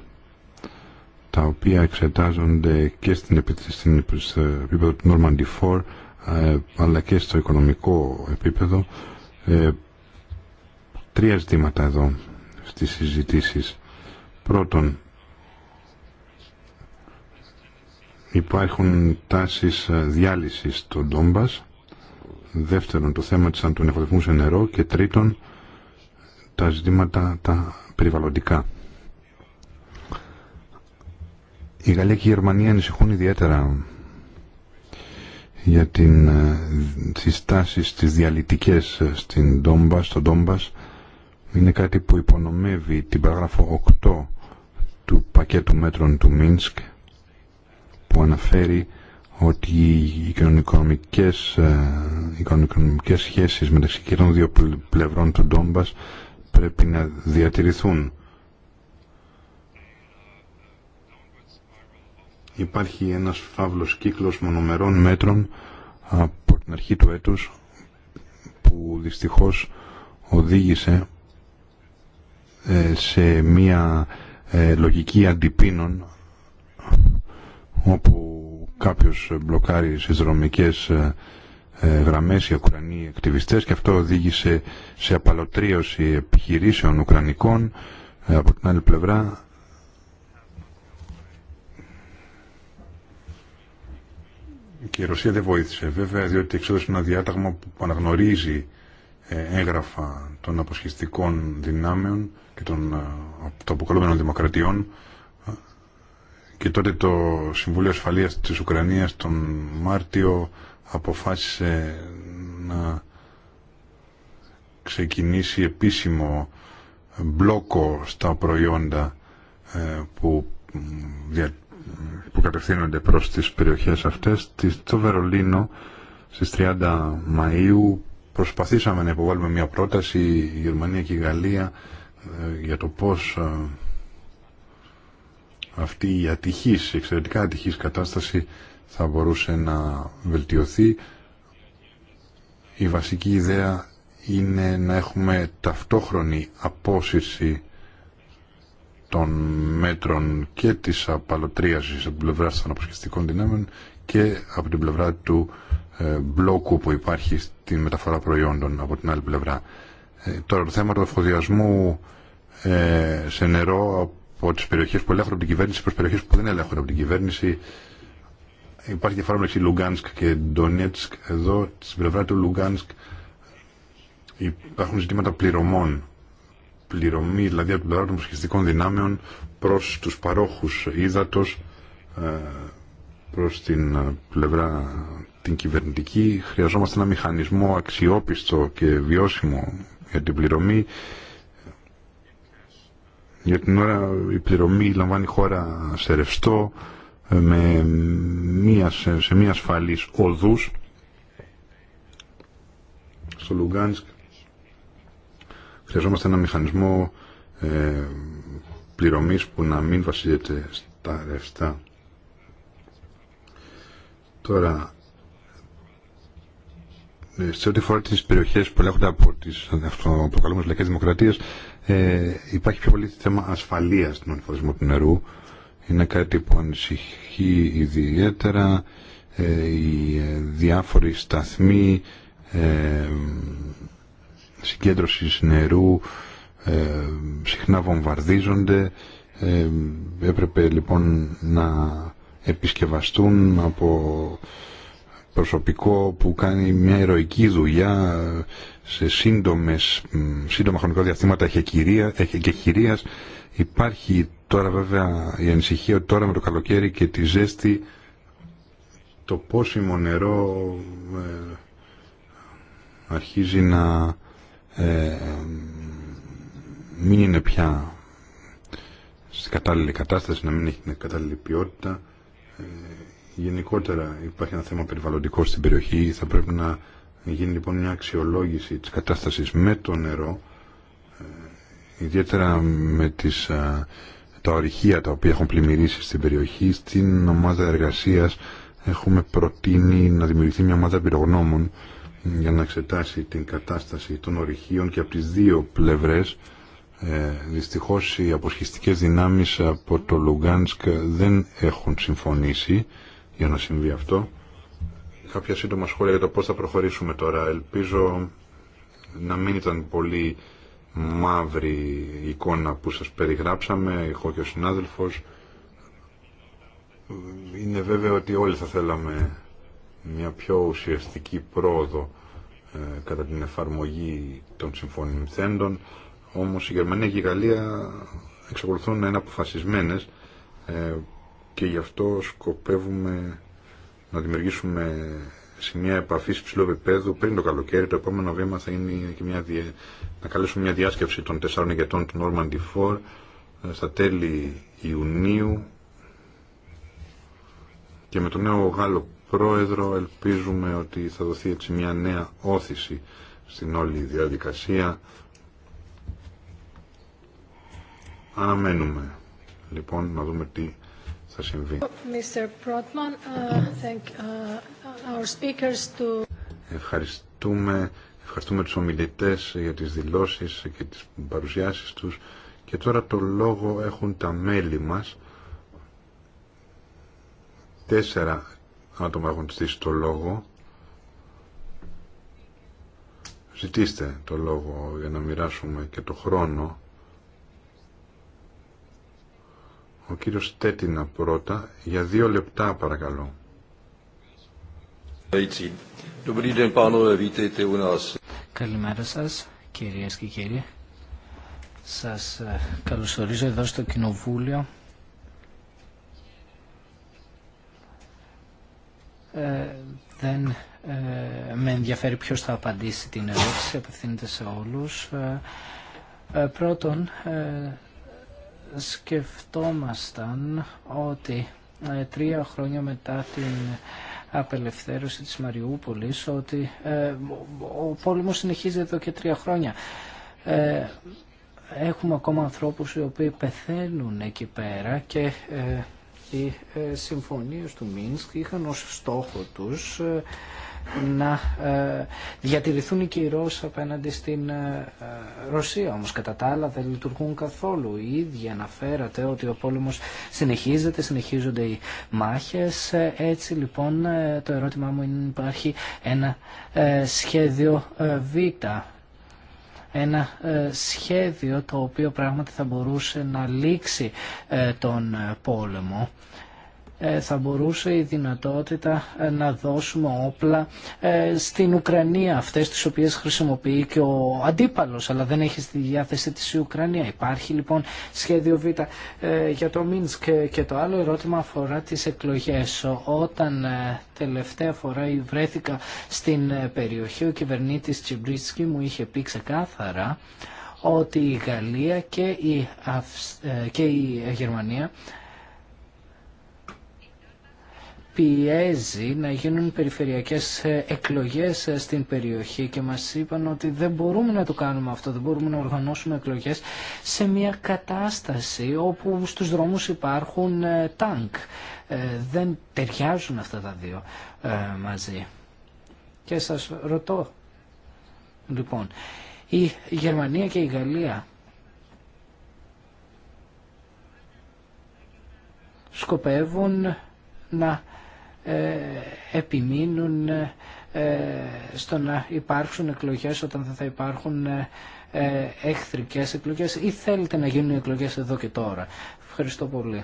τα οποία εξετάζονται και στην, επίπεδο του Normandy 4 αλλά και στο οικονομικό επίπεδο τρία ζητήματα εδώ στις συζητήσεις. Πρώτον, υπάρχουν τάσεις διάλυσης στον Ντόμπας. Δεύτερον, το θέμα της αντωνευοδευμού σε νερό. Και τρίτον, τα ζητήματα τα περιβαλλοντικά. Η Γαλλία και η Γερμανία ανησυχούν ιδιαίτερα για την, ε, τις τάσεις, τις διαλυτικές ε, στην Ντόμπας, στον Ντόμπας είναι κάτι που υπονομεύει την παράγραφο 8 του πακέτου μέτρων του Μίνσκ που αναφέρει ότι οι οικονομικές, ε, οι οικονομικές σχέσεις μεταξύ και των δύο πλευρών του Ντόμπας πρέπει να διατηρηθούν. Υπάρχει ένας φαύλος κύκλος μονομερών μέτρων από την αρχή του έτους που δυστυχώς οδήγησε σε μια ε, λογική αντιπίνων όπου κάποιος μπλοκάρει στις δρομικές ε, ε, γραμμές οι Ουκρανοί ακτιβιστές και αυτό οδήγησε σε απαλωτρίωση επιχειρήσεων Ουκρανικών από την άλλη πλευρά και η Ρωσία δεν βοήθησε βέβαια διότι εξέδωσε ένα διάταγμα που αναγνωρίζει έγραφα των αποσχιστικών δυνάμεων και των, ε, το αποκαλούμενων δημοκρατιών ε, και τότε το Συμβούλιο Ασφαλείας της Ουκρανίας τον Μάρτιο αποφάσισε να ξεκινήσει επίσημο μπλόκο στα προϊόντα ε, που, που κατευθύνονται προς τις περιοχές αυτές. Στο Βερολίνο στις 30 Μαΐου Προσπαθήσαμε να υποβάλουμε μια πρόταση, η Γερμανία και η Γαλλία, ε, για το πώς ε, αυτή η ατυχής, εξαιρετικά ατυχής κατάσταση θα μπορούσε να βελτιωθεί. Η βασική ιδέα είναι να έχουμε ταυτόχρονη απόσυρση των μέτρων και της απαλωτρίασης από την πλευρά των αποσχεστικών δυνάμεων και από την πλευρά του ε, μπλόκου που υπάρχει στη μεταφορά προϊόντων από την άλλη πλευρά. Ε, τώρα το θέμα του εφοδιασμού ε, σε νερό από τις περιοχές που ελέγχονται από την κυβέρνηση προς περιοχές που δεν ελέγχονται από την κυβέρνηση υπάρχει διαφορά μεταξύ Λουγκάνσκ και Ντονέτσκ. Εδώ, στην πλευρά του Λουγκάνσκ, υπάρχουν ζητήματα πληρωμών. Πληρωμή, δηλαδή, από την πλευρά των προσχεστικών δυνάμεων προς τους παρόχους ύδατος, προς την ε, πλευρά την κυβερνητική χρειαζόμαστε ένα μηχανισμό αξιόπιστο και βιώσιμο για την πληρωμή για την ώρα η πληρωμή λαμβάνει χώρα σε ρευστό ε, με σε, σε μία ασφαλής οδούς στο Λουγκάνσκ χρειαζόμαστε ένα μηχανισμό ε, πληρωμής που να μην βασίζεται στα ρευστά Τώρα, ε, σε ό,τι αφορά τι περιοχέ που ελέγχονται από τι αυτοπροκαλούμενε λαϊκέ δημοκρατίε, ε, υπάρχει πιο πολύ θέμα ασφαλεία στον ανεφορισμό του νερού. Είναι κάτι που ανησυχεί ιδιαίτερα. Ε, οι ε, διάφοροι σταθμοί ε, συγκέντρωσης νερού συχνά βομβαρδίζονται. έπρεπε λοιπόν να επισκευαστούν από προσωπικό που κάνει μια ηρωική δουλειά σε σύντομες, σύντομα χρονικά διαστήματα και χειρίας. Υπάρχει τώρα βέβαια η ανησυχία ότι τώρα με το καλοκαίρι και τη ζέστη το πόσιμο νερό ε, αρχίζει να ε, μην είναι πια στην κατάλληλη κατάσταση, να μην έχει την κατάλληλη ποιότητα. Ε, γενικότερα υπάρχει ένα θέμα περιβαλλοντικό στην περιοχή. Θα πρέπει να γίνει λοιπόν μια αξιολόγηση της κατάστασης με το νερό, ε, ιδιαίτερα με τις, ε, τα ορυχεία τα οποία έχουν πλημμυρίσει στην περιοχή. Στην ομάδα εργασίας έχουμε προτείνει να δημιουργηθεί μια ομάδα πυρογνώμων για να εξετάσει την κατάσταση των ορυχείων και από τις δύο πλευρές ε, δυστυχώς οι αποσχιστικές δυνάμεις από το Λουγκάνσκ δεν έχουν συμφωνήσει για να συμβεί αυτό. Κάποια σύντομα σχόλια για το πώς θα προχωρήσουμε τώρα. Ελπίζω να μην ήταν πολύ μαύρη εικόνα που σας περιγράψαμε, εγώ και ο συνάδελφος. Είναι βέβαιο ότι όλοι θα θέλαμε μια πιο ουσιαστική πρόοδο ε, κατά την εφαρμογή των συμφωνηθέντων. Όμως η Γερμανία και η Γαλλία εξακολουθούν να είναι αποφασισμένες ε, και γι' αυτό σκοπεύουμε να δημιουργήσουμε σημεία επαφή υψηλού επίπεδου πριν το καλοκαίρι. Το επόμενο βήμα θα είναι και μια να καλέσουμε μια διάσκεψη των τεσσάρων ηγετών του Normandy 4 ε, στα τέλη Ιουνίου και με τον νέο Γάλλο πρόεδρο ελπίζουμε ότι θα δοθεί έτσι μια νέα όθηση στην όλη διαδικασία Αναμένουμε λοιπόν να δούμε τι θα συμβεί. Uh, uh, ευχαριστούμε, ευχαριστούμε τους ομιλητές για τις δηλώσεις και τις παρουσιάσεις τους και τώρα το λόγο έχουν τα μέλη μας. Τέσσερα άτομα έχουν στήσει το λόγο. Ζητήστε το λόγο για να μοιράσουμε και το χρόνο. Ο κύριος Τέτινα πρώτα, για δύο λεπτά παρακαλώ. Καλημέρα σας κυρίες και κύριοι. Σας ε, καλωσορίζω εδώ στο Κοινοβούλιο. Ε, δεν ε, με ενδιαφέρει ποιος θα απαντήσει την ερώτηση, απευθύνεται σε όλους. πρώτον, σκεφτόμασταν ότι ε, τρία χρόνια μετά την απελευθέρωση της Μαριούπολης ότι ε, ο πόλεμος συνεχίζεται εδώ και τρία χρόνια. Ε, έχουμε ακόμα ανθρώπους οι οποίοι πεθαίνουν εκεί πέρα και οι συμφωνίες του Μίνσκ είχαν ως στόχο τους να ε, διατηρηθούν οι κυρώσει απέναντι στην ε, ε, Ρωσία. Όμως κατά τα άλλα δεν λειτουργούν καθόλου. Οι ίδιοι αναφέρατε ότι ο πόλεμος συνεχίζεται, συνεχίζονται οι μάχες. Έτσι λοιπόν το ερώτημά μου είναι υπάρχει ένα σχέδιο Β ένα σχέδιο το οποίο πράγματι θα μπορούσε να λήξει τον πόλεμο ε, θα μπορούσε η δυνατότητα ε, να δώσουμε όπλα ε, στην Ουκρανία, αυτές τις οποίες χρησιμοποιεί και ο αντίπαλος, αλλά δεν έχει στη διάθεση της η Ουκρανία. Υπάρχει λοιπόν σχέδιο Β για το Μίνσκ και το άλλο ερώτημα αφορά τις εκλογές. Όταν τελευταία φορά βρέθηκα στην περιοχή, ο κυβερνήτης Τσιμπρίτσκι μου είχε πει ξεκάθαρα ότι η Γαλλία και η, και η Γερμανία πιέζει να γίνουν περιφερειακές εκλογές στην περιοχή και μας είπαν ότι δεν μπορούμε να το κάνουμε αυτό, δεν μπορούμε να οργανώσουμε εκλογές σε μια κατάσταση όπου στους δρόμους υπάρχουν ε, τάγκ. Ε, δεν ταιριάζουν αυτά τα δύο ε, μαζί. Και σας ρωτώ, λοιπόν, η Γερμανία και η Γαλλία σκοπεύουν να ε, επιμείνουν ε, στο να υπάρξουν εκλογές όταν θα υπάρχουν ε, εχθρικές εκλογές ή θέλετε να γίνουν εκλογές εδώ και τώρα. Ευχαριστώ πολύ.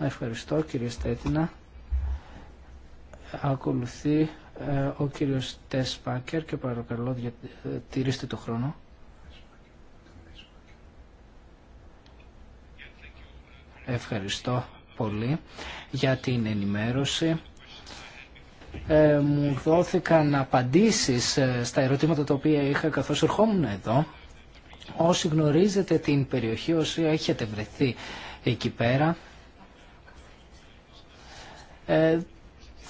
Ευχαριστώ κύριε Στέτινα. Ακολουθεί ο κύριος Τεσπάκερ και παρακαλώ τηρήστε το χρόνο. Ευχαριστώ πολύ για την ενημέρωση. Ε, μου δόθηκαν απαντήσεις ε, στα ερωτήματα τα οποία είχα καθώς ερχόμουν εδώ. Όσοι γνωρίζετε την περιοχή, όσοι έχετε βρεθεί εκεί πέρα, ε,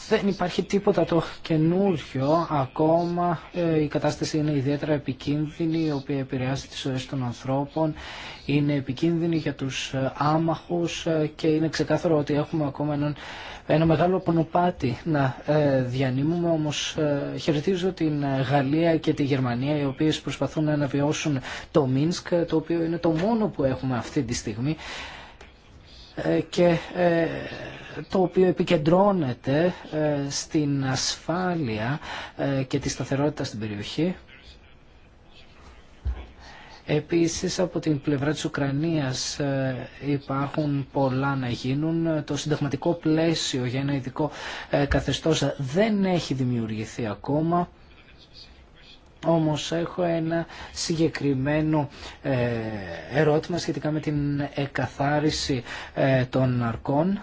δεν υπάρχει τίποτα το καινούργιο ακόμα. Ε, η κατάσταση είναι ιδιαίτερα επικίνδυνη, η οποία επηρεάζει τις ζωές των ανθρώπων. Είναι επικίνδυνη για τους ε, άμαχους ε, και είναι ξεκάθαρο ότι έχουμε ακόμα έναν, ένα μεγάλο πονοπάτι να διανύμουμε. Όμως χαιρετίζω την Γαλλία και τη Γερμανία, οι οποίες προσπαθούν να αναβιώσουν το Μίνσκ, το οποίο είναι το μόνο που έχουμε αυτή τη στιγμή. Και το οποίο επικεντρώνεται ε, στην ασφάλεια ε, και τη σταθερότητα στην περιοχή. Επίσης από την πλευρά της Ουκρανίας ε, υπάρχουν πολλά να γίνουν. Το συνταγματικό πλαίσιο για ένα ειδικό καθεστώς δεν έχει δημιουργηθεί ακόμα. Όμως έχω ένα συγκεκριμένο ερώτημα σχετικά με την εκαθάριση των αρκών.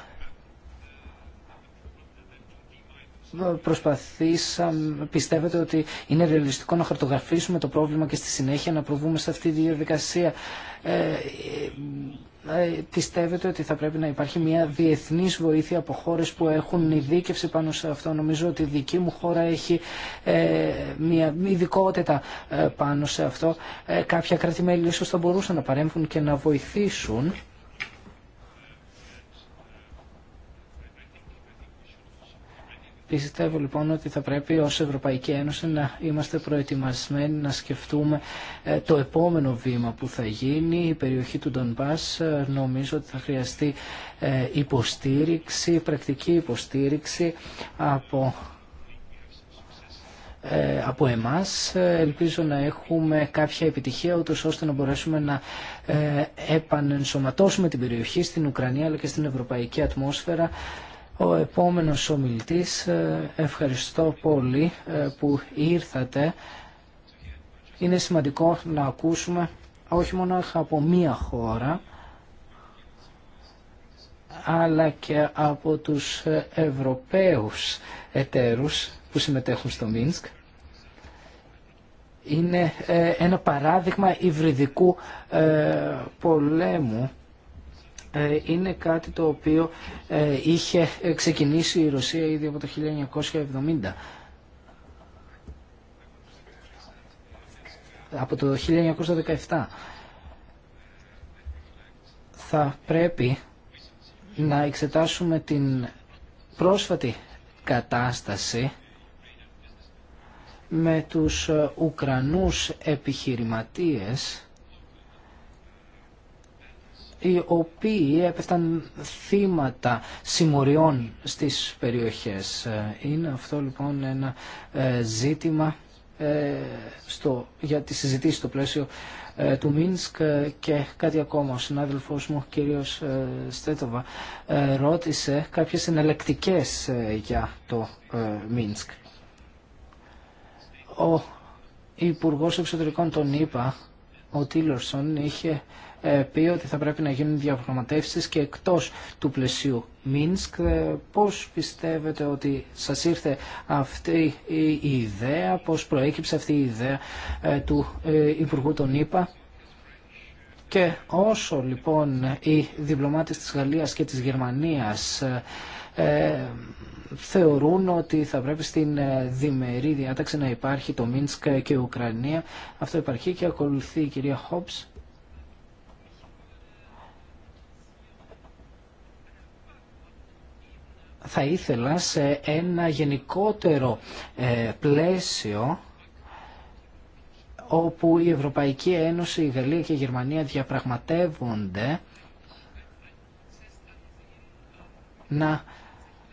προσπαθήσαμε, πιστεύετε ότι είναι ρεαλιστικό να χαρτογραφήσουμε το πρόβλημα και στη συνέχεια να προβούμε σε αυτή τη διαδικασία. Ε, ε, ε, πιστεύετε ότι θα πρέπει να υπάρχει μια διεθνής βοήθεια από χώρες που έχουν ειδίκευση πάνω σε αυτό. Νομίζω ότι η δική μου χώρα έχει ε, μια ειδικότητα πάνω σε αυτό. κάποια κράτη-μέλη ίσως θα μπορούσαν να παρέμβουν και να βοηθήσουν. Πιστεύω λοιπόν ότι θα πρέπει ως Ευρωπαϊκή Ένωση να είμαστε προετοιμασμένοι να σκεφτούμε ε, το επόμενο βήμα που θα γίνει. Η περιοχή του Ντονπάς ε, νομίζω ότι θα χρειαστεί ε, υποστήριξη, πρακτική υποστήριξη από από εμάς. Ελπίζω να έχουμε κάποια επιτυχία ούτως ώστε να μπορέσουμε να επανενσωματώσουμε την περιοχή στην Ουκρανία αλλά και στην ευρωπαϊκή ατμόσφαιρα ο επόμενος ομιλητής, ε, ευχαριστώ πολύ ε, που ήρθατε. Είναι σημαντικό να ακούσουμε όχι μόνο από μία χώρα, αλλά και από τους ε, Ευρωπαίους εταίρους που συμμετέχουν στο Μίνσκ. Είναι ένα παράδειγμα υβριδικού πολέμου ε, είναι κάτι το οποίο ε, είχε ξεκινήσει η Ρωσία ήδη από το 1970. Από το 1917 θα πρέπει να εξετάσουμε την πρόσφατη κατάσταση με τους ε, Ουκρανούς επιχειρηματίες οι οποίοι έπεφταν θύματα συμμοριών στις περιοχές. Ε, είναι αυτό λοιπόν ένα ε, ζήτημα ε, στο, για τη συζητήση στο πλαίσιο του Μίνσκ και κάτι ακόμα. Ο συνάδελφός μου, κύριος Στέτοβα, ρώτησε κάποιες εναλλακτικές για το Μίνσκ. Ο Υπουργός Εξωτερικών τον είπα, ο Τίλορσον είχε ε, πει ότι θα πρέπει να γίνουν διαπραγματεύσεις και εκτός του πλαισίου Μίνσκ. Ε, πώς πιστεύετε ότι σας ήρθε αυτή η ιδέα, πώς προέκυψε αυτή η ιδέα ε, του Υπουργού των ΗΠΑ. Και όσο λοιπόν οι διπλωμάτες της Γαλλίας και της Γερμανίας ε, θεωρούν ότι θα πρέπει στην διμερή διάταξη να υπάρχει το Μίνσκ και η Ουκρανία, αυτό υπάρχει και ακολουθεί η κυρία Χόμπς. θα ήθελα σε ένα γενικότερο ε, πλαίσιο όπου η Ευρωπαϊκή Ένωση, η Γαλλία και η Γερμανία διαπραγματεύονται να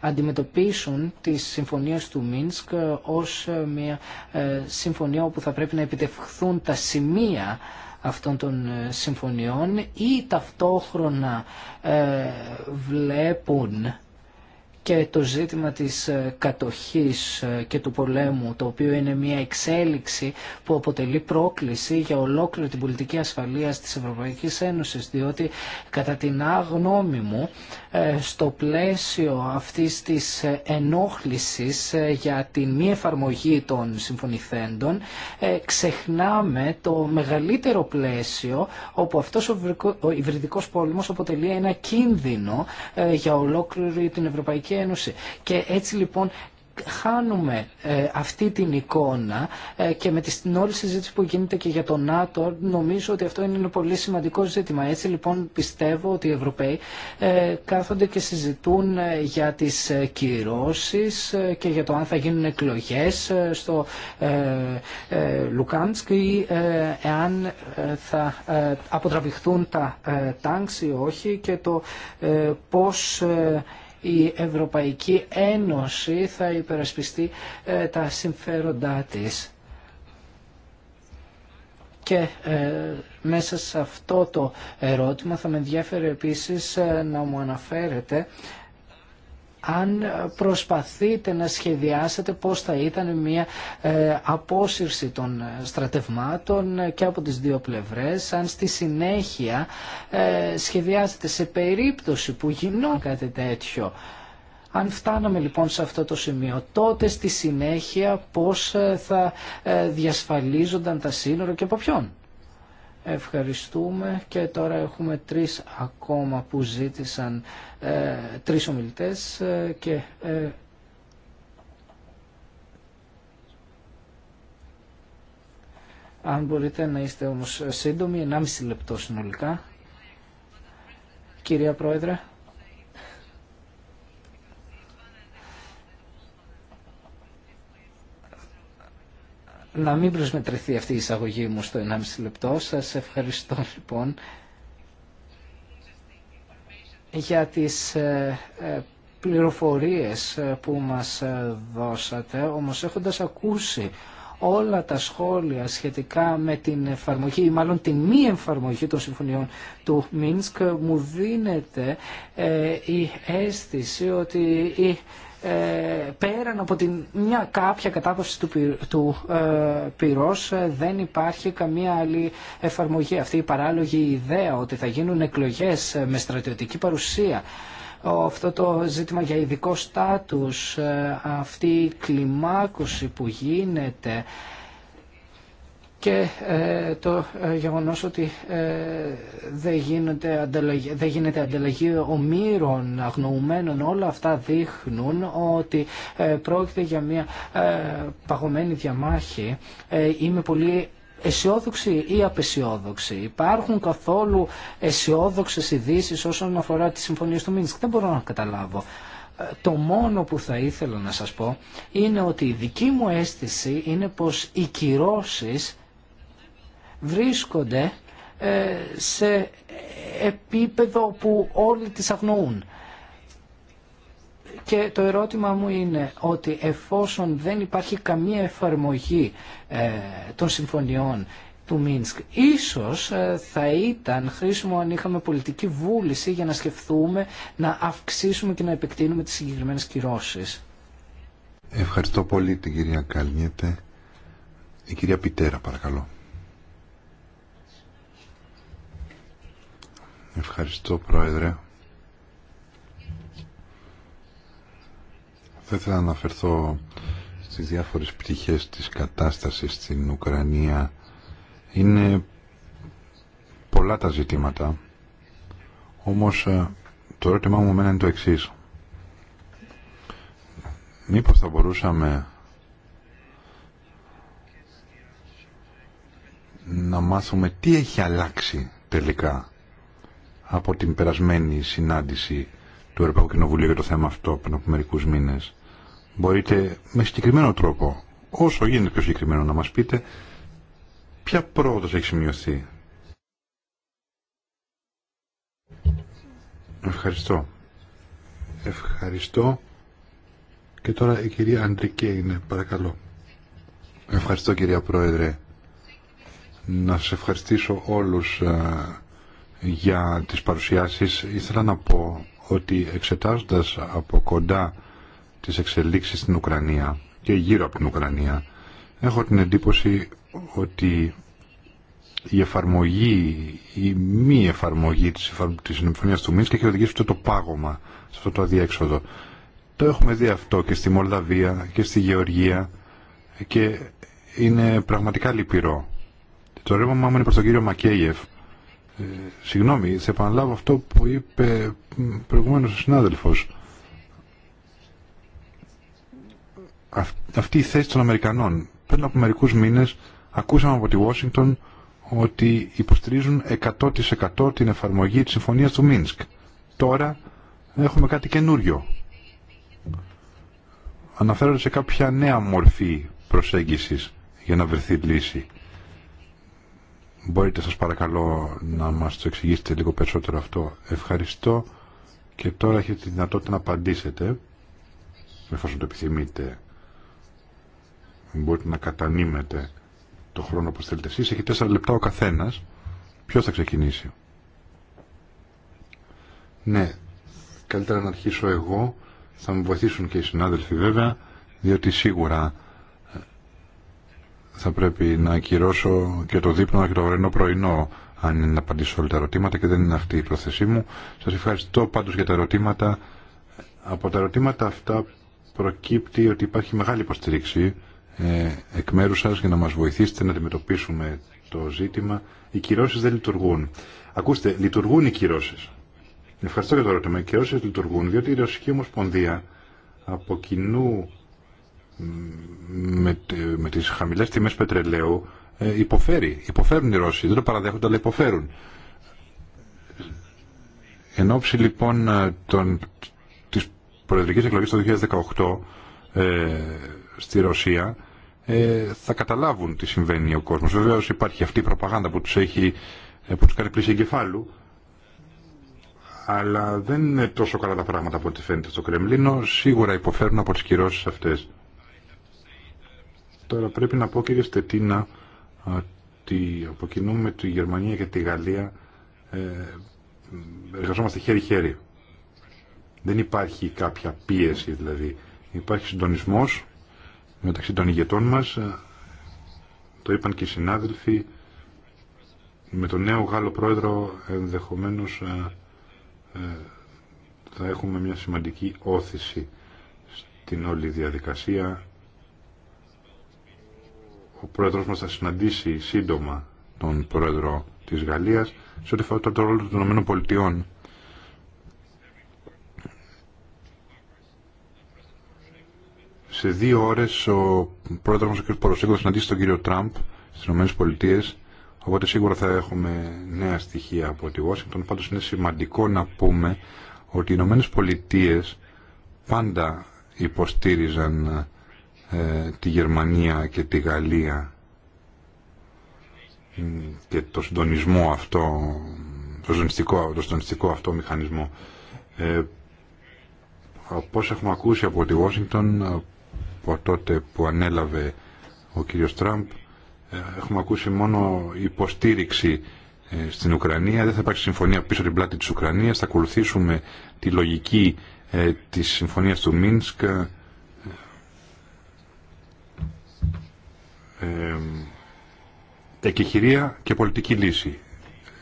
αντιμετωπίσουν τις συμφωνίες του Μίνσκ ως ε, μια ε, συμφωνία όπου θα πρέπει να επιτευχθούν τα σημεία αυτών των συμφωνιών ή ταυτόχρονα βλέπουν και το ζήτημα της ε, κατοχής ε, και του πολέμου, το οποίο είναι μια εξέλιξη που αποτελεί πρόκληση για ολόκληρη την πολιτική ασφαλείας της Ευρωπαϊκής Ένωσης, διότι κατά την άγνώμη μου, ε, στο πλαίσιο αυτής της ενόχλησης για την μη εφαρμογή των συμφωνηθέντων, ξεχνάμε το μεγαλύτερο πλαίσιο όπου αυτός ο υβριδικός πόλεμος αποτελεί ένα κίνδυνο για ολόκληρη την Ευρωπαϊκή Ευρωπαϊκή Ένωση. Και έτσι λοιπόν χάνουμε ε, αυτή την εικόνα ε, και με την όλη συζήτηση που γίνεται και για το ΝΑΤΟ νομίζω ότι αυτό είναι ένα πολύ σημαντικό ζήτημα. Έτσι λοιπόν πιστεύω ότι οι Ευρωπαίοι ε, κάθονται και συζητούν για τις κυρώσεις και για το αν θα γίνουν εκλογές στο Λουκάντσκ ή εάν θα αποτραβηχθούν τα τάγκς ή όχι και το πώς η Ευρωπαϊκή Ένωση θα υπερασπιστεί ε, τα συμφέροντά της. Και ε, μέσα σε αυτό το ερώτημα θα με ενδιαφέρει επίσης ε, να μου αναφέρετε αν προσπαθείτε να σχεδιάσετε πώς θα ήταν μια ε, απόσυρση των ε, στρατευμάτων και από τις δύο πλευρές, αν στη συνέχεια ε, σχεδιάσετε σε περίπτωση που γινόταν κάτι τέτοιο. Αν φτάναμε λοιπόν σε αυτό το σημείο, τότε στη συνέχεια πώς θα διασφαλίζονταν τα σύνορα και από ποιον. Ευχαριστούμε και τώρα έχουμε τρεις ακόμα που ζήτησαν ε, τρεις ομιλητές ε, και ε, αν μπορείτε να είστε όμως σύντομοι, 1,5 λεπτό συνολικά. Κυρία Πρόεδρε. να μην προσμετρηθεί αυτή η εισαγωγή μου στο 1,5 λεπτό. Σας ευχαριστώ λοιπόν για τις ε, ε, πληροφορίες ε, που μας δώσατε, όμως έχοντας ακούσει όλα τα σχόλια σχετικά με την εφαρμογή ή μάλλον τη μη εφαρμογή των συμφωνιών του Μίνσκ μου δίνεται η αίσθηση ότι η ε, πέραν από την μια κάποια κατάδοση του, του ε, πυρός ε, δεν υπάρχει καμία άλλη εφαρμογή. Αυτή η παράλογη ιδέα ότι θα γίνουν εκλογές με στρατιωτική παρουσία αυτό το ζήτημα για ειδικό στάτους, αυτή η κλιμάκωση που γίνεται και ε, το ε, γεγονός ότι ε, δεν, γίνεται ανταλλαγή, δεν γίνεται ομήρων, αγνοουμένων, όλα αυτά δείχνουν ότι πρόκειται για μια παγωμένη διαμάχη. Είμαι πολύ αισιόδοξοι ή απεσιόδοξη. Υπάρχουν καθόλου αισιόδοξε ειδήσει όσον αφορά τι συμφωνίε του Μίνσκ. Δεν μπορώ να καταλάβω. Το μόνο που θα ήθελα να σας πω είναι ότι η δική μου αίσθηση είναι πως οι κυρώσεις βρίσκονται ε, σε επίπεδο που όλοι τις αγνοούν. Και το ερώτημα μου είναι ότι εφόσον δεν υπάρχει καμία εφαρμογή ε, των συμφωνιών του Μίνσκ. Ίσως ε, θα ήταν χρήσιμο αν είχαμε πολιτική βούληση για να σκεφτούμε να αυξήσουμε και να επεκτείνουμε τις συγκεκριμένες κυρώσεις. Ευχαριστώ πολύ την κυρία Καλνιέτε. Η κυρία Πιτέρα παρακαλώ. Ευχαριστώ Πρόεδρε. Θα ήθελα να αναφερθώ στις διάφορες πτυχές της κατάστασης στην Ουκρανία. Είναι πολλά τα ζητήματα, όμως ε, το ερώτημά μου εμένα είναι το εξής. Μήπως θα μπορούσαμε να μάθουμε τι έχει αλλάξει τελικά από την περασμένη συνάντηση του Ευρωπαϊκού Κοινοβουλίου για το θέμα αυτό πριν από μερικού μήνε. Μπορείτε με συγκεκριμένο τρόπο, όσο γίνεται πιο συγκεκριμένο, να μα πείτε ποια πρόοδο έχει σημειωθεί. Ευχαριστώ. Ευχαριστώ. Και τώρα η κυρία Αντρικέ είναι, παρακαλώ. Ευχαριστώ κυρία Πρόεδρε. Να σας ευχαριστήσω όλους ε, για τις παρουσιάσεις. Ήθελα να πω ότι εξετάζοντας από κοντά τις εξελίξεις στην Ουκρανία και γύρω από την Ουκρανία, έχω την εντύπωση ότι η εφαρμογή, η μη εφαρμογή της, της συμφωνίας του Μίνσκ έχει οδηγήσει αυτό το πάγωμα, σε αυτό το αδιέξοδο. Το έχουμε δει αυτό και στη Μολδαβία και στη Γεωργία και είναι πραγματικά λυπηρό. Το ρεύμα μου είναι προς τον κύριο Μακέγεφ, ε, συγγνώμη, θα επαναλάβω αυτό που είπε προηγουμένως ο συνάδελφος. αυτή η θέση των Αμερικανών. Πριν από μερικούς μήνες ακούσαμε από τη Washington ότι υποστηρίζουν 100% την εφαρμογή της συμφωνίας του Μίνσκ. Τώρα έχουμε κάτι καινούριο. Αναφέρονται σε κάποια νέα μορφή προσέγγισης για να βρεθεί λύση. Μπορείτε σας παρακαλώ να μας το εξηγήσετε λίγο περισσότερο αυτό. Ευχαριστώ και τώρα έχετε τη δυνατότητα να απαντήσετε εφόσον το επιθυμείτε. Μπορείτε να κατανείμετε το χρόνο που θέλετε εσείς. Έχει τέσσερα λεπτά ο καθένας. Ποιος θα ξεκινήσει. Ναι, καλύτερα να αρχίσω εγώ. Θα με βοηθήσουν και οι συνάδελφοι βέβαια, διότι σίγουρα θα πρέπει να ακυρώσω και το δείπνο και το βρενό πρωινό αν είναι να απαντήσω όλα τα ερωτήματα και δεν είναι αυτή η πρόθεσή μου. Σας ευχαριστώ πάντως για τα ερωτήματα. Από τα ερωτήματα αυτά προκύπτει ότι υπάρχει μεγάλη υποστήριξη ε, εκ μέρου σας για να μας βοηθήσετε να αντιμετωπίσουμε το ζήτημα. Οι κυρώσεις δεν λειτουργούν. Ακούστε, λειτουργούν οι κυρώσεις. Ευχαριστώ για το ερώτημα. Οι κυρώσεις λειτουργούν διότι η Ρωσική Ομοσπονδία από κοινού με, με τις χαμηλές τιμές πετρελαίου ε, υποφέρει. Υποφέρουν οι Ρώσοι. Δεν το παραδέχονται, αλλά υποφέρουν. Εν ώψη λοιπόν ε, των, της προεδρικής εκλογής το 2018 ε, στη Ρωσία ε, θα καταλάβουν τι συμβαίνει ο κόσμος. Βεβαίως υπάρχει αυτή η προπαγάνδα που τους, έχει, που τους κάνει πλήση εγκεφάλου αλλά δεν είναι τόσο καλά τα πράγματα από ό,τι φαίνεται στο Κρεμλίνο. Σίγουρα υποφέρουν από τις κυρώσεις αυτές. Τώρα πρέπει να πω κύριε Στετίνα ότι αποκοινούμε με τη Γερμανία και τη Γαλλία ε, εργαζόμαστε χέρι-χέρι. Δεν υπάρχει κάποια πίεση δηλαδή. Υπάρχει συντονισμός μεταξύ των ηγετών μας. Το είπαν και οι συνάδελφοι. Με τον νέο Γάλλο πρόεδρο ενδεχομένως ε, ε, θα έχουμε μια σημαντική όθηση στην όλη διαδικασία ο πρόεδρος μας θα συναντήσει σύντομα τον πρόεδρο της Γαλλίας σε ό,τι αφορά το ρόλο των ΗΠΑ. Σε δύο ώρες ο πρόεδρος μας, ο κ. Ποροσέγκο, θα συναντήσει τον κύριο Τραμπ στις ΗΠΑ. Οπότε σίγουρα θα έχουμε νέα στοιχεία από τη Βόσιγκτον. Πάντως είναι σημαντικό να πούμε ότι οι ΗΠΑ πάντα υποστήριζαν ε, τη Γερμανία και τη Γαλλία και το συντονισμό αυτό, το συντονιστικό, αυτό μηχανισμό. Ε, έχουμε ακούσει από τη Βόσινγκτον από τότε που ανέλαβε ο κύριος Τραμπ, ε, έχουμε ακούσει μόνο υποστήριξη ε, στην Ουκρανία. Δεν θα υπάρξει συμφωνία πίσω την πλάτη της Ουκρανίας. Θα ακολουθήσουμε τη λογική της συμφωνίας του Μίνσκ ε, εκεχηρία και πολιτική λύση.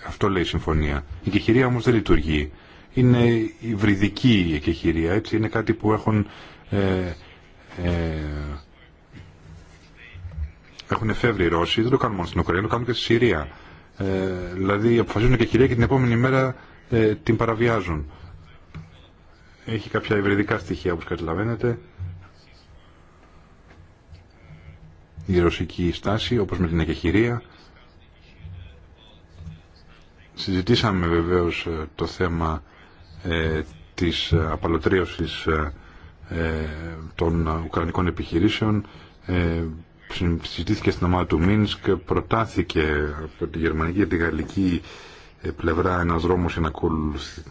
Αυτό λέει η συμφωνία. Η εκεχηρία όμως δεν λειτουργεί. Είναι υβριδική η εκεχηρία, έτσι. Είναι κάτι που έχουν, ε, ε, έχουν εφεύρει οι Ρώσοι. Δεν το κάνουν μόνο στην Ουκρανία, το κάνουν και στη Συρία. Ε, δηλαδή αποφασίζουν εκεχηρία και την επόμενη μέρα ε, την παραβιάζουν. Έχει κάποια υβριδικά στοιχεία όπως καταλαβαίνετε. η ρωσική στάση, όπως με την εκεχηρία. Συζητήσαμε βεβαίως ε, το θέμα ε, της ε, απαλωτρίωσης ε, των ουκρανικών επιχειρήσεων. συζητήθηκε στην ομάδα του Μίνσκ, προτάθηκε από τη γερμανική και τη γαλλική πλευρά ένα δρόμο για να,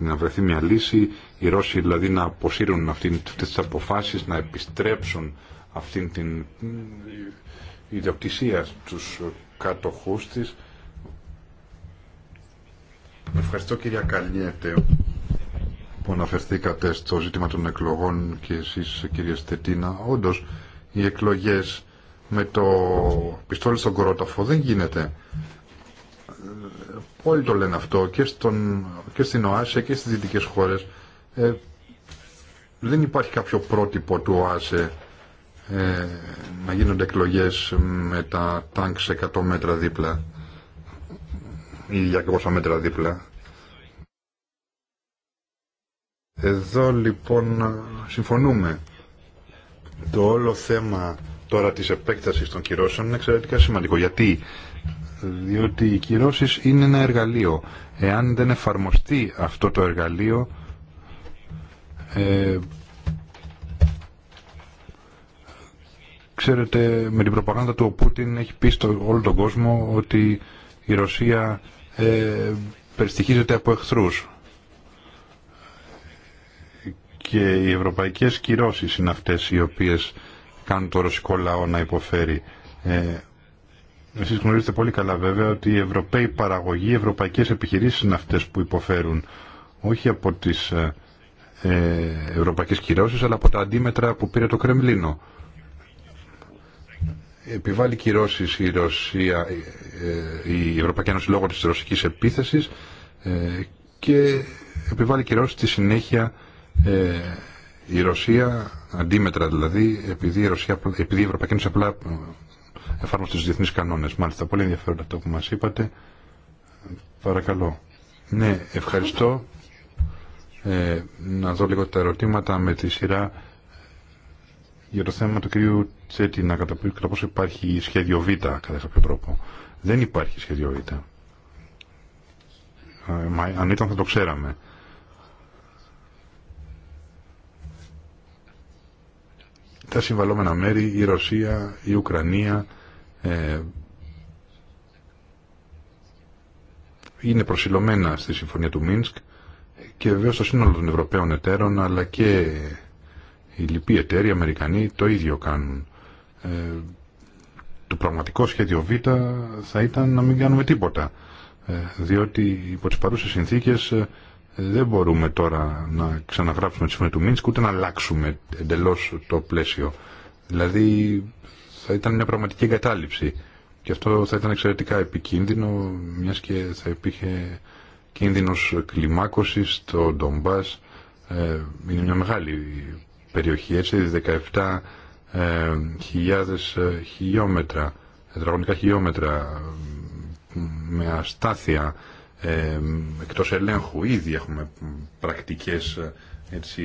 να βρεθεί μια λύση. Οι Ρώσοι δηλαδή να αποσύρουν αυτές τις αποφάσεις, να επιστρέψουν αυτήν την ιδιοκτησία τους κατοχούς της. Ευχαριστώ κυρία Καλνιέτε που αναφερθήκατε στο ζήτημα των εκλογών και εσείς κυρία Στετίνα. Όντως οι εκλογές με το πιστόλι στον κορόταφο δεν γίνεται. Όλοι το λένε αυτό και, στον, και στην ΟΑΣΕ και στις δυτικές χώρες. Ε, δεν υπάρχει κάποιο πρότυπο του ΟΑΣΕ ε, να γίνονται εκλογές με τα τάγκ σε 100 μέτρα δίπλα ή 200 μέτρα δίπλα. Εδώ λοιπόν συμφωνούμε. Το όλο θέμα τώρα της επέκτασης των κυρώσεων είναι εξαιρετικά σημαντικό. Γιατί διότι οι κυρώσεις είναι ένα εργαλείο. Εάν δεν εφαρμοστεί αυτό το εργαλείο, ε, Ξέρετε, με την προπαγάνδα του ο Πούτιν έχει πει στο όλο τον κόσμο ότι η Ρωσία ε, περιστοιχίζεται από εχθρούς. Και οι ευρωπαϊκές κυρώσεις είναι αυτές οι οποίες κάνουν το ρωσικό λαό να υποφέρει. Ε, εσείς γνωρίζετε πολύ καλά βέβαια ότι οι ευρωπαίοι παραγωγοί, οι ευρωπαϊκές επιχειρήσεις είναι αυτές που υποφέρουν. Όχι από τις ε, ε ευρωπαϊκές κυρώσεις αλλά από τα αντίμετρα που πήρε το Κρεμλίνο επιβάλλει κυρώσει η Ρωσία, ε, η Ευρωπαϊκή Ένωση λόγω της ρωσικής επίθεσης ε, και επιβάλλει κυρώσεις στη συνέχεια ε, η Ρωσία, αντίμετρα δηλαδή, επειδή η, Ρωσία, επειδή η Ευρωπαϊκή Ένωση απλά εφάρμοσε του διεθνείς κανόνες. Μάλιστα, πολύ ενδιαφέροντα αυτό που μα είπατε. Παρακαλώ. Ναι, ευχαριστώ. να δω λίγο τα ερωτήματα με τη σειρά για το θέμα του κυρίου Τσέτινα κατά, κατά πόσο υπάρχει σχέδιο Β κατά κάποιο τρόπο. Δεν υπάρχει σχέδιο Β. Ε, αν ήταν θα το ξέραμε. Τα συμβαλόμενα μέρη, η Ρωσία, η Ουκρανία, ε, είναι προσιλωμένα στη Συμφωνία του Μίνσκ και βέβαια στο σύνολο των Ευρωπαίων εταίρων αλλά και οι λοιποί εταίροι, οι Αμερικανοί το ίδιο κάνουν. Ε, το πραγματικό σχέδιο Β θα ήταν να μην κάνουμε τίποτα. Ε, διότι υπό τις παρούσες συνθήκες ε, δεν μπορούμε τώρα να ξαναγράψουμε τη συμφωνία του Μίνσκ ούτε να αλλάξουμε εντελώς το πλαίσιο. Δηλαδή θα ήταν μια πραγματική εγκατάλειψη. Και αυτό θα ήταν εξαιρετικά επικίνδυνο, μιας και θα υπήρχε κίνδυνος κλιμάκωσης στο Ντομπάς. είναι μια μεγάλη περιοχή. Έτσι, 17.000 ε, ε, χιλιόμετρα, τετραγωνικά χιλιόμετρα με αστάθεια ε, εκτός ελέγχου. Ήδη έχουμε πρακτικές ε, έτσι,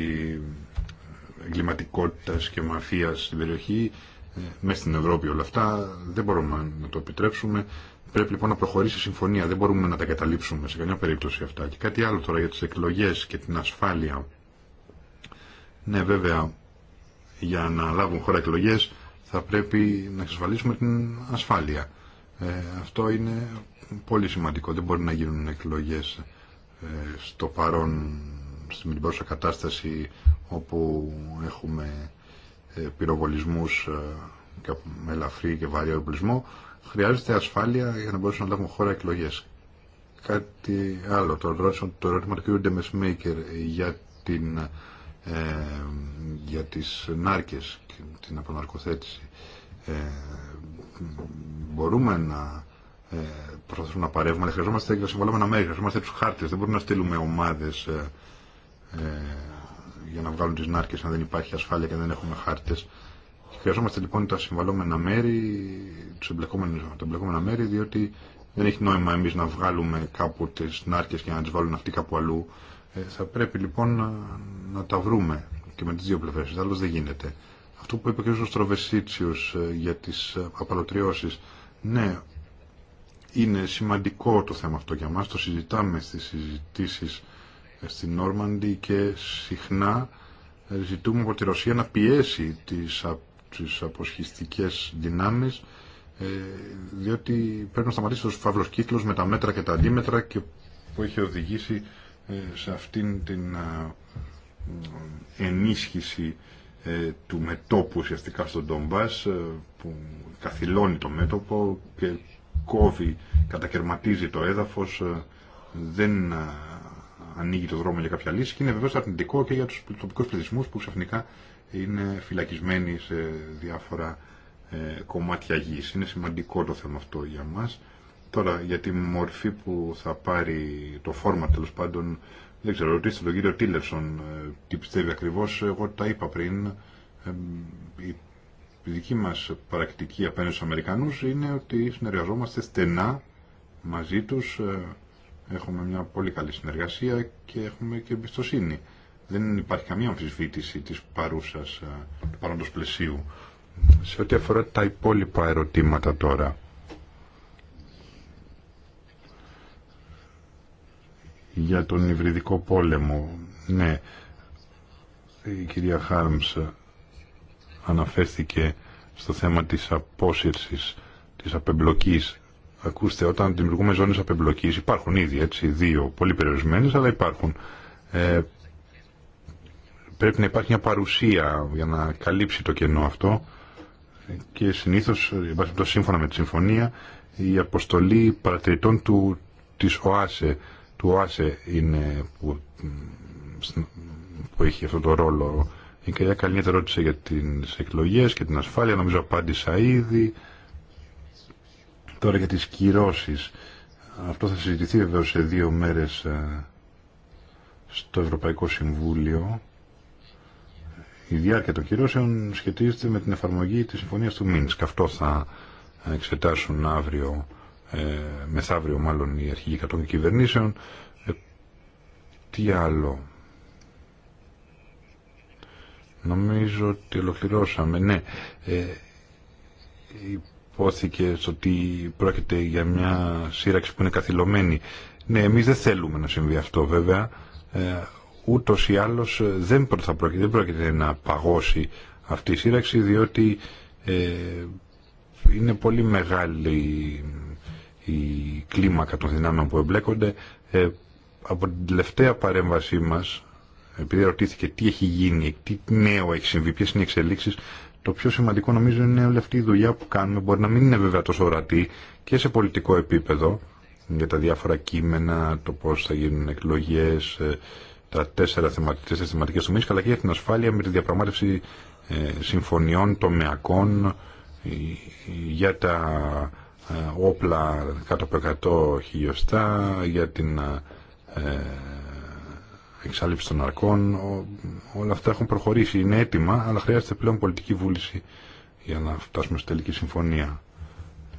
εγκληματικότητας και μαφίας στην περιοχή, ε, μέσα στην Ευρώπη όλα αυτά. Δεν μπορούμε να το επιτρέψουμε. Πρέπει λοιπόν να προχωρήσει η συμφωνία. Δεν μπορούμε να τα καταλήψουμε σε καμιά περίπτωση αυτά. Και κάτι άλλο τώρα για τις εκλογές και την ασφάλεια. Ναι, βέβαια, για να λάβουν χώρα εκλογέ θα πρέπει να εξασφαλίσουμε την ασφάλεια. Ε, αυτό είναι πολύ σημαντικό. Δεν μπορεί να γίνουν εκλογέ ε, στο παρόν, στην παρούσα κατάσταση όπου έχουμε ε, πυροβολισμού ε, με ελαφρύ και βαρύ οπλισμό. Χρειάζεται ασφάλεια για να μπορέσουν να λάβουν χώρα εκλογέ. Κάτι άλλο, το ερώτημα του κ. Ντεμεσμέικερ για την ε, για τις νάρκες και την αποναρκοθέτηση. Ε, μπορούμε να ε, προσπαθούμε να παρεύουμε, αλλά χρειαζόμαστε και ένα μέρη, χρειαζόμαστε τους χάρτες, δεν μπορούμε να στείλουμε ομάδες ε, για να βγάλουν τις νάρκες αν δεν υπάρχει ασφάλεια και δεν έχουμε χάρτες. Χρειαζόμαστε λοιπόν τα συμβαλόμενα μέρη, τους τα εμπλεκόμενα μέρη, διότι δεν έχει νόημα εμείς να βγάλουμε κάπου τις νάρκες και να τις βάλουν αυτοί κάπου αλλού. Ε, θα πρέπει λοιπόν να, τα βρούμε και με τις δύο πλευρές, άλλως δεν γίνεται. Αυτό που είπε και ο Στροβεσίτσιος ε, για τις ε, απαλωτριώσεις, ναι, είναι σημαντικό το θέμα αυτό για μας, το συζητάμε στις συζητήσεις στην Νόρμαντι και συχνά ζητούμε από τη Ρωσία να πιέσει τις, τις αποσχιστικές δυνάμεις διότι πρέπει να σταματήσει ο φαύλος με τα μέτρα και τα αντίμετρα και που έχει οδηγήσει ε, σε αυτήν την ενίσχυση ε, του μετόπου ουσιαστικά στον Ντομπάς ε, που καθυλώνει το μέτωπο και κόβει, κατακαιρματίζει το έδαφος, δεν ανοίγει το δρόμο για κάποια λύση και είναι βεβαίως αρνητικό και για τους τοπικούς πληθυσμούς που ξαφνικά είναι φυλακισμένοι σε διάφορα κομμάτια γης. Είναι σημαντικό το θέμα αυτό για μας. Τώρα για τη μορφή που θα πάρει το φόρμα τέλο πάντων, δεν ξέρω, ρωτήστε τον κύριο Τίλερσον ε, τι πιστεύει ακριβώ. Εγώ τα είπα πριν. Ε, η δική μα πρακτική απέναντι στου Αμερικανού είναι ότι συνεργαζόμαστε στενά μαζί τους ε, Έχουμε μια πολύ καλή συνεργασία και έχουμε και εμπιστοσύνη. Δεν υπάρχει καμία αμφισβήτηση της παρούσας, του παρόντος πλαισίου. Σε ό,τι αφορά τα υπόλοιπα ερωτήματα τώρα, για τον υβριδικό πόλεμο. Ναι, η κυρία Χάρμς αναφέρθηκε στο θέμα της απόσυρσης, της απεμπλοκής. Ακούστε, όταν δημιουργούμε ζώνες απεμπλοκής, υπάρχουν ήδη έτσι δύο, πολύ περιορισμένες, αλλά υπάρχουν. Ε, πρέπει να υπάρχει μια παρουσία για να καλύψει το κενό αυτό και συνήθως, σύμφωνα με τη συμφωνία, η αποστολή παρατηρητών του, της ΟΑΣΕ του Άσε είναι που, έχει αυτό το ρόλο. Η κυρία Καλνίτα ρώτησε για τις εκλογές και την ασφάλεια, νομίζω απάντησα ήδη. Τώρα για τις κυρώσεις. Αυτό θα συζητηθεί βέβαια σε δύο μέρες ε, στο Ευρωπαϊκό Συμβούλιο. Η διάρκεια των κυρώσεων σχετίζεται με την εφαρμογή της Συμφωνίας του Μίνσκ. Αυτό θα εξετάσουν αύριο ε, μεθαύριο μάλλον η αρχηγοί κατών κυβερνήσεων. Ε, τι άλλο. Νομίζω ότι ολοκληρώσαμε. Ναι, ε, υπόθηκε ότι πρόκειται για μια σύραξη που είναι καθυλωμένη. Ναι, εμείς δεν θέλουμε να συμβεί αυτό βέβαια. Ε, ούτως ή άλλως ε, δεν, πρόκειται, δεν πρόκειται να παγώσει αυτή η σύραξη διότι είναι πολύ μεγάλη η κλίμακα των δυνάμεων που εμπλέκονται. Ε, από την τελευταία παρέμβασή μας, επειδή ρωτήθηκε τι έχει γίνει, τι νέο έχει συμβεί, ποιες είναι οι εξελίξεις, το πιο σημαντικό νομίζω είναι όλη αυτή η δουλειά που κάνουμε. Μπορεί να μην είναι βέβαια τόσο ορατή και σε πολιτικό επίπεδο για τα διάφορα κείμενα, το πώς θα γίνουν εκλογές, ε, τα τέσσερα θεματικές, θεματικές τομείς, αλλά και για την ασφάλεια με τη διαπραγμάτευση ε, συμφωνιών τομεακών ε, για τα όπλα κάτω από 100 χιλιοστά, για την ε, εξάλληψη των αρκών. Όλα αυτά έχουν προχωρήσει, είναι έτοιμα, αλλά χρειάζεται πλέον πολιτική βούληση για να φτάσουμε στη τελική συμφωνία.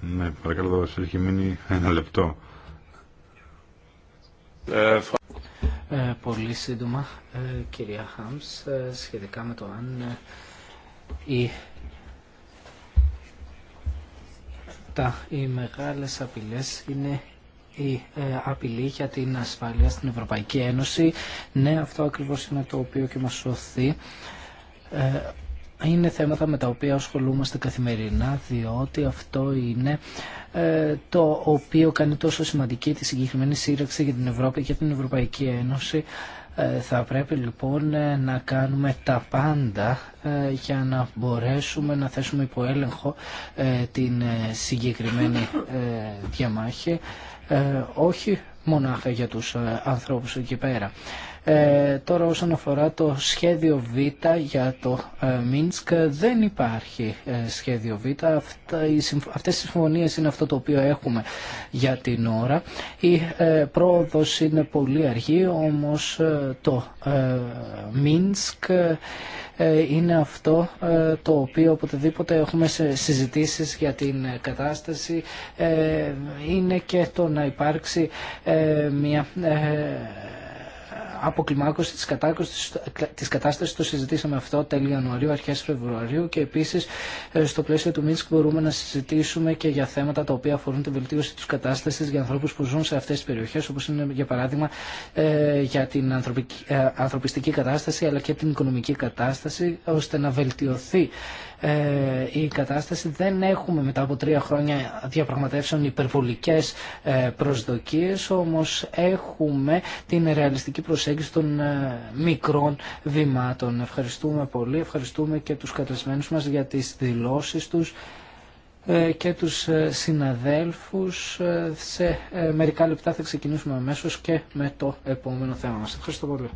Ναι, παρακαλώ, έχει μείνει ένα λεπτό. Ε, ε πολύ σύντομα, ε, κυρία Χάμς, σχετικά με το αν η τα, οι μεγάλες απειλές είναι η ε, απειλή για την ασφάλεια στην Ευρωπαϊκή Ένωση. Ναι, αυτό ακριβώς είναι το οποίο και μας σωθεί. Ε, είναι θέματα με τα οποία ασχολούμαστε καθημερινά, διότι αυτό είναι ε, το οποίο κάνει τόσο σημαντική τη συγκεκριμένη σύραξη για την Ευρώπη και την Ευρωπαϊκή Ένωση ε, θα πρέπει λοιπόν ε, να κάνουμε τα πάντα ε, για να μπορέσουμε να θέσουμε υπό έλεγχο την συγκεκριμένη διαμάχη, όχι μονάχα για τους ανθρώπους εκεί πέρα. Ε, τώρα όσον αφορά το σχέδιο Β για το ε, Μίνσκ δεν υπάρχει ε, σχέδιο Β. Αυτά, οι, αυτές οι συμφωνίες είναι αυτό το οποίο έχουμε για την ώρα. Η ε, πρόοδος είναι πολύ αργή όμως ε, το Μίνσκ είναι αυτό το οποίο οποτεδήποτε έχουμε συζητήσεις για την κατάσταση είναι και το να υπάρξει μια αποκλιμάκωση της, της κατάστασης. Το συζητήσαμε αυτό τέλη Ιανουαρίου, αρχές Φεβρουαρίου και επίσης ε, στο πλαίσιο του Μίνσκ μπορούμε να συζητήσουμε και για θέματα τα οποία αφορούν τη βελτίωση της κατάστασης για ανθρώπους που ζουν σε αυτές τις περιοχές όπως είναι για παράδειγμα ε, για την ε, ανθρωπιστική κατάσταση αλλά και την οικονομική κατάσταση ώστε να βελτιωθεί ε, η κατάσταση. Δεν έχουμε μετά από τρία χρόνια διαπραγματεύσεων υπερβολικές ε, προσδοκίες, όμως έχουμε την ρεαλιστική προσέγγιση των ε, μικρών βημάτων. Ευχαριστούμε πολύ, ευχαριστούμε και τους κατασμένους μας για τις δηλώσεις τους και τους συναδέλφους. Σε μερικά λεπτά θα ξεκινήσουμε αμέσως και με το επόμενο θέμα μας. Ευχαριστώ πολύ.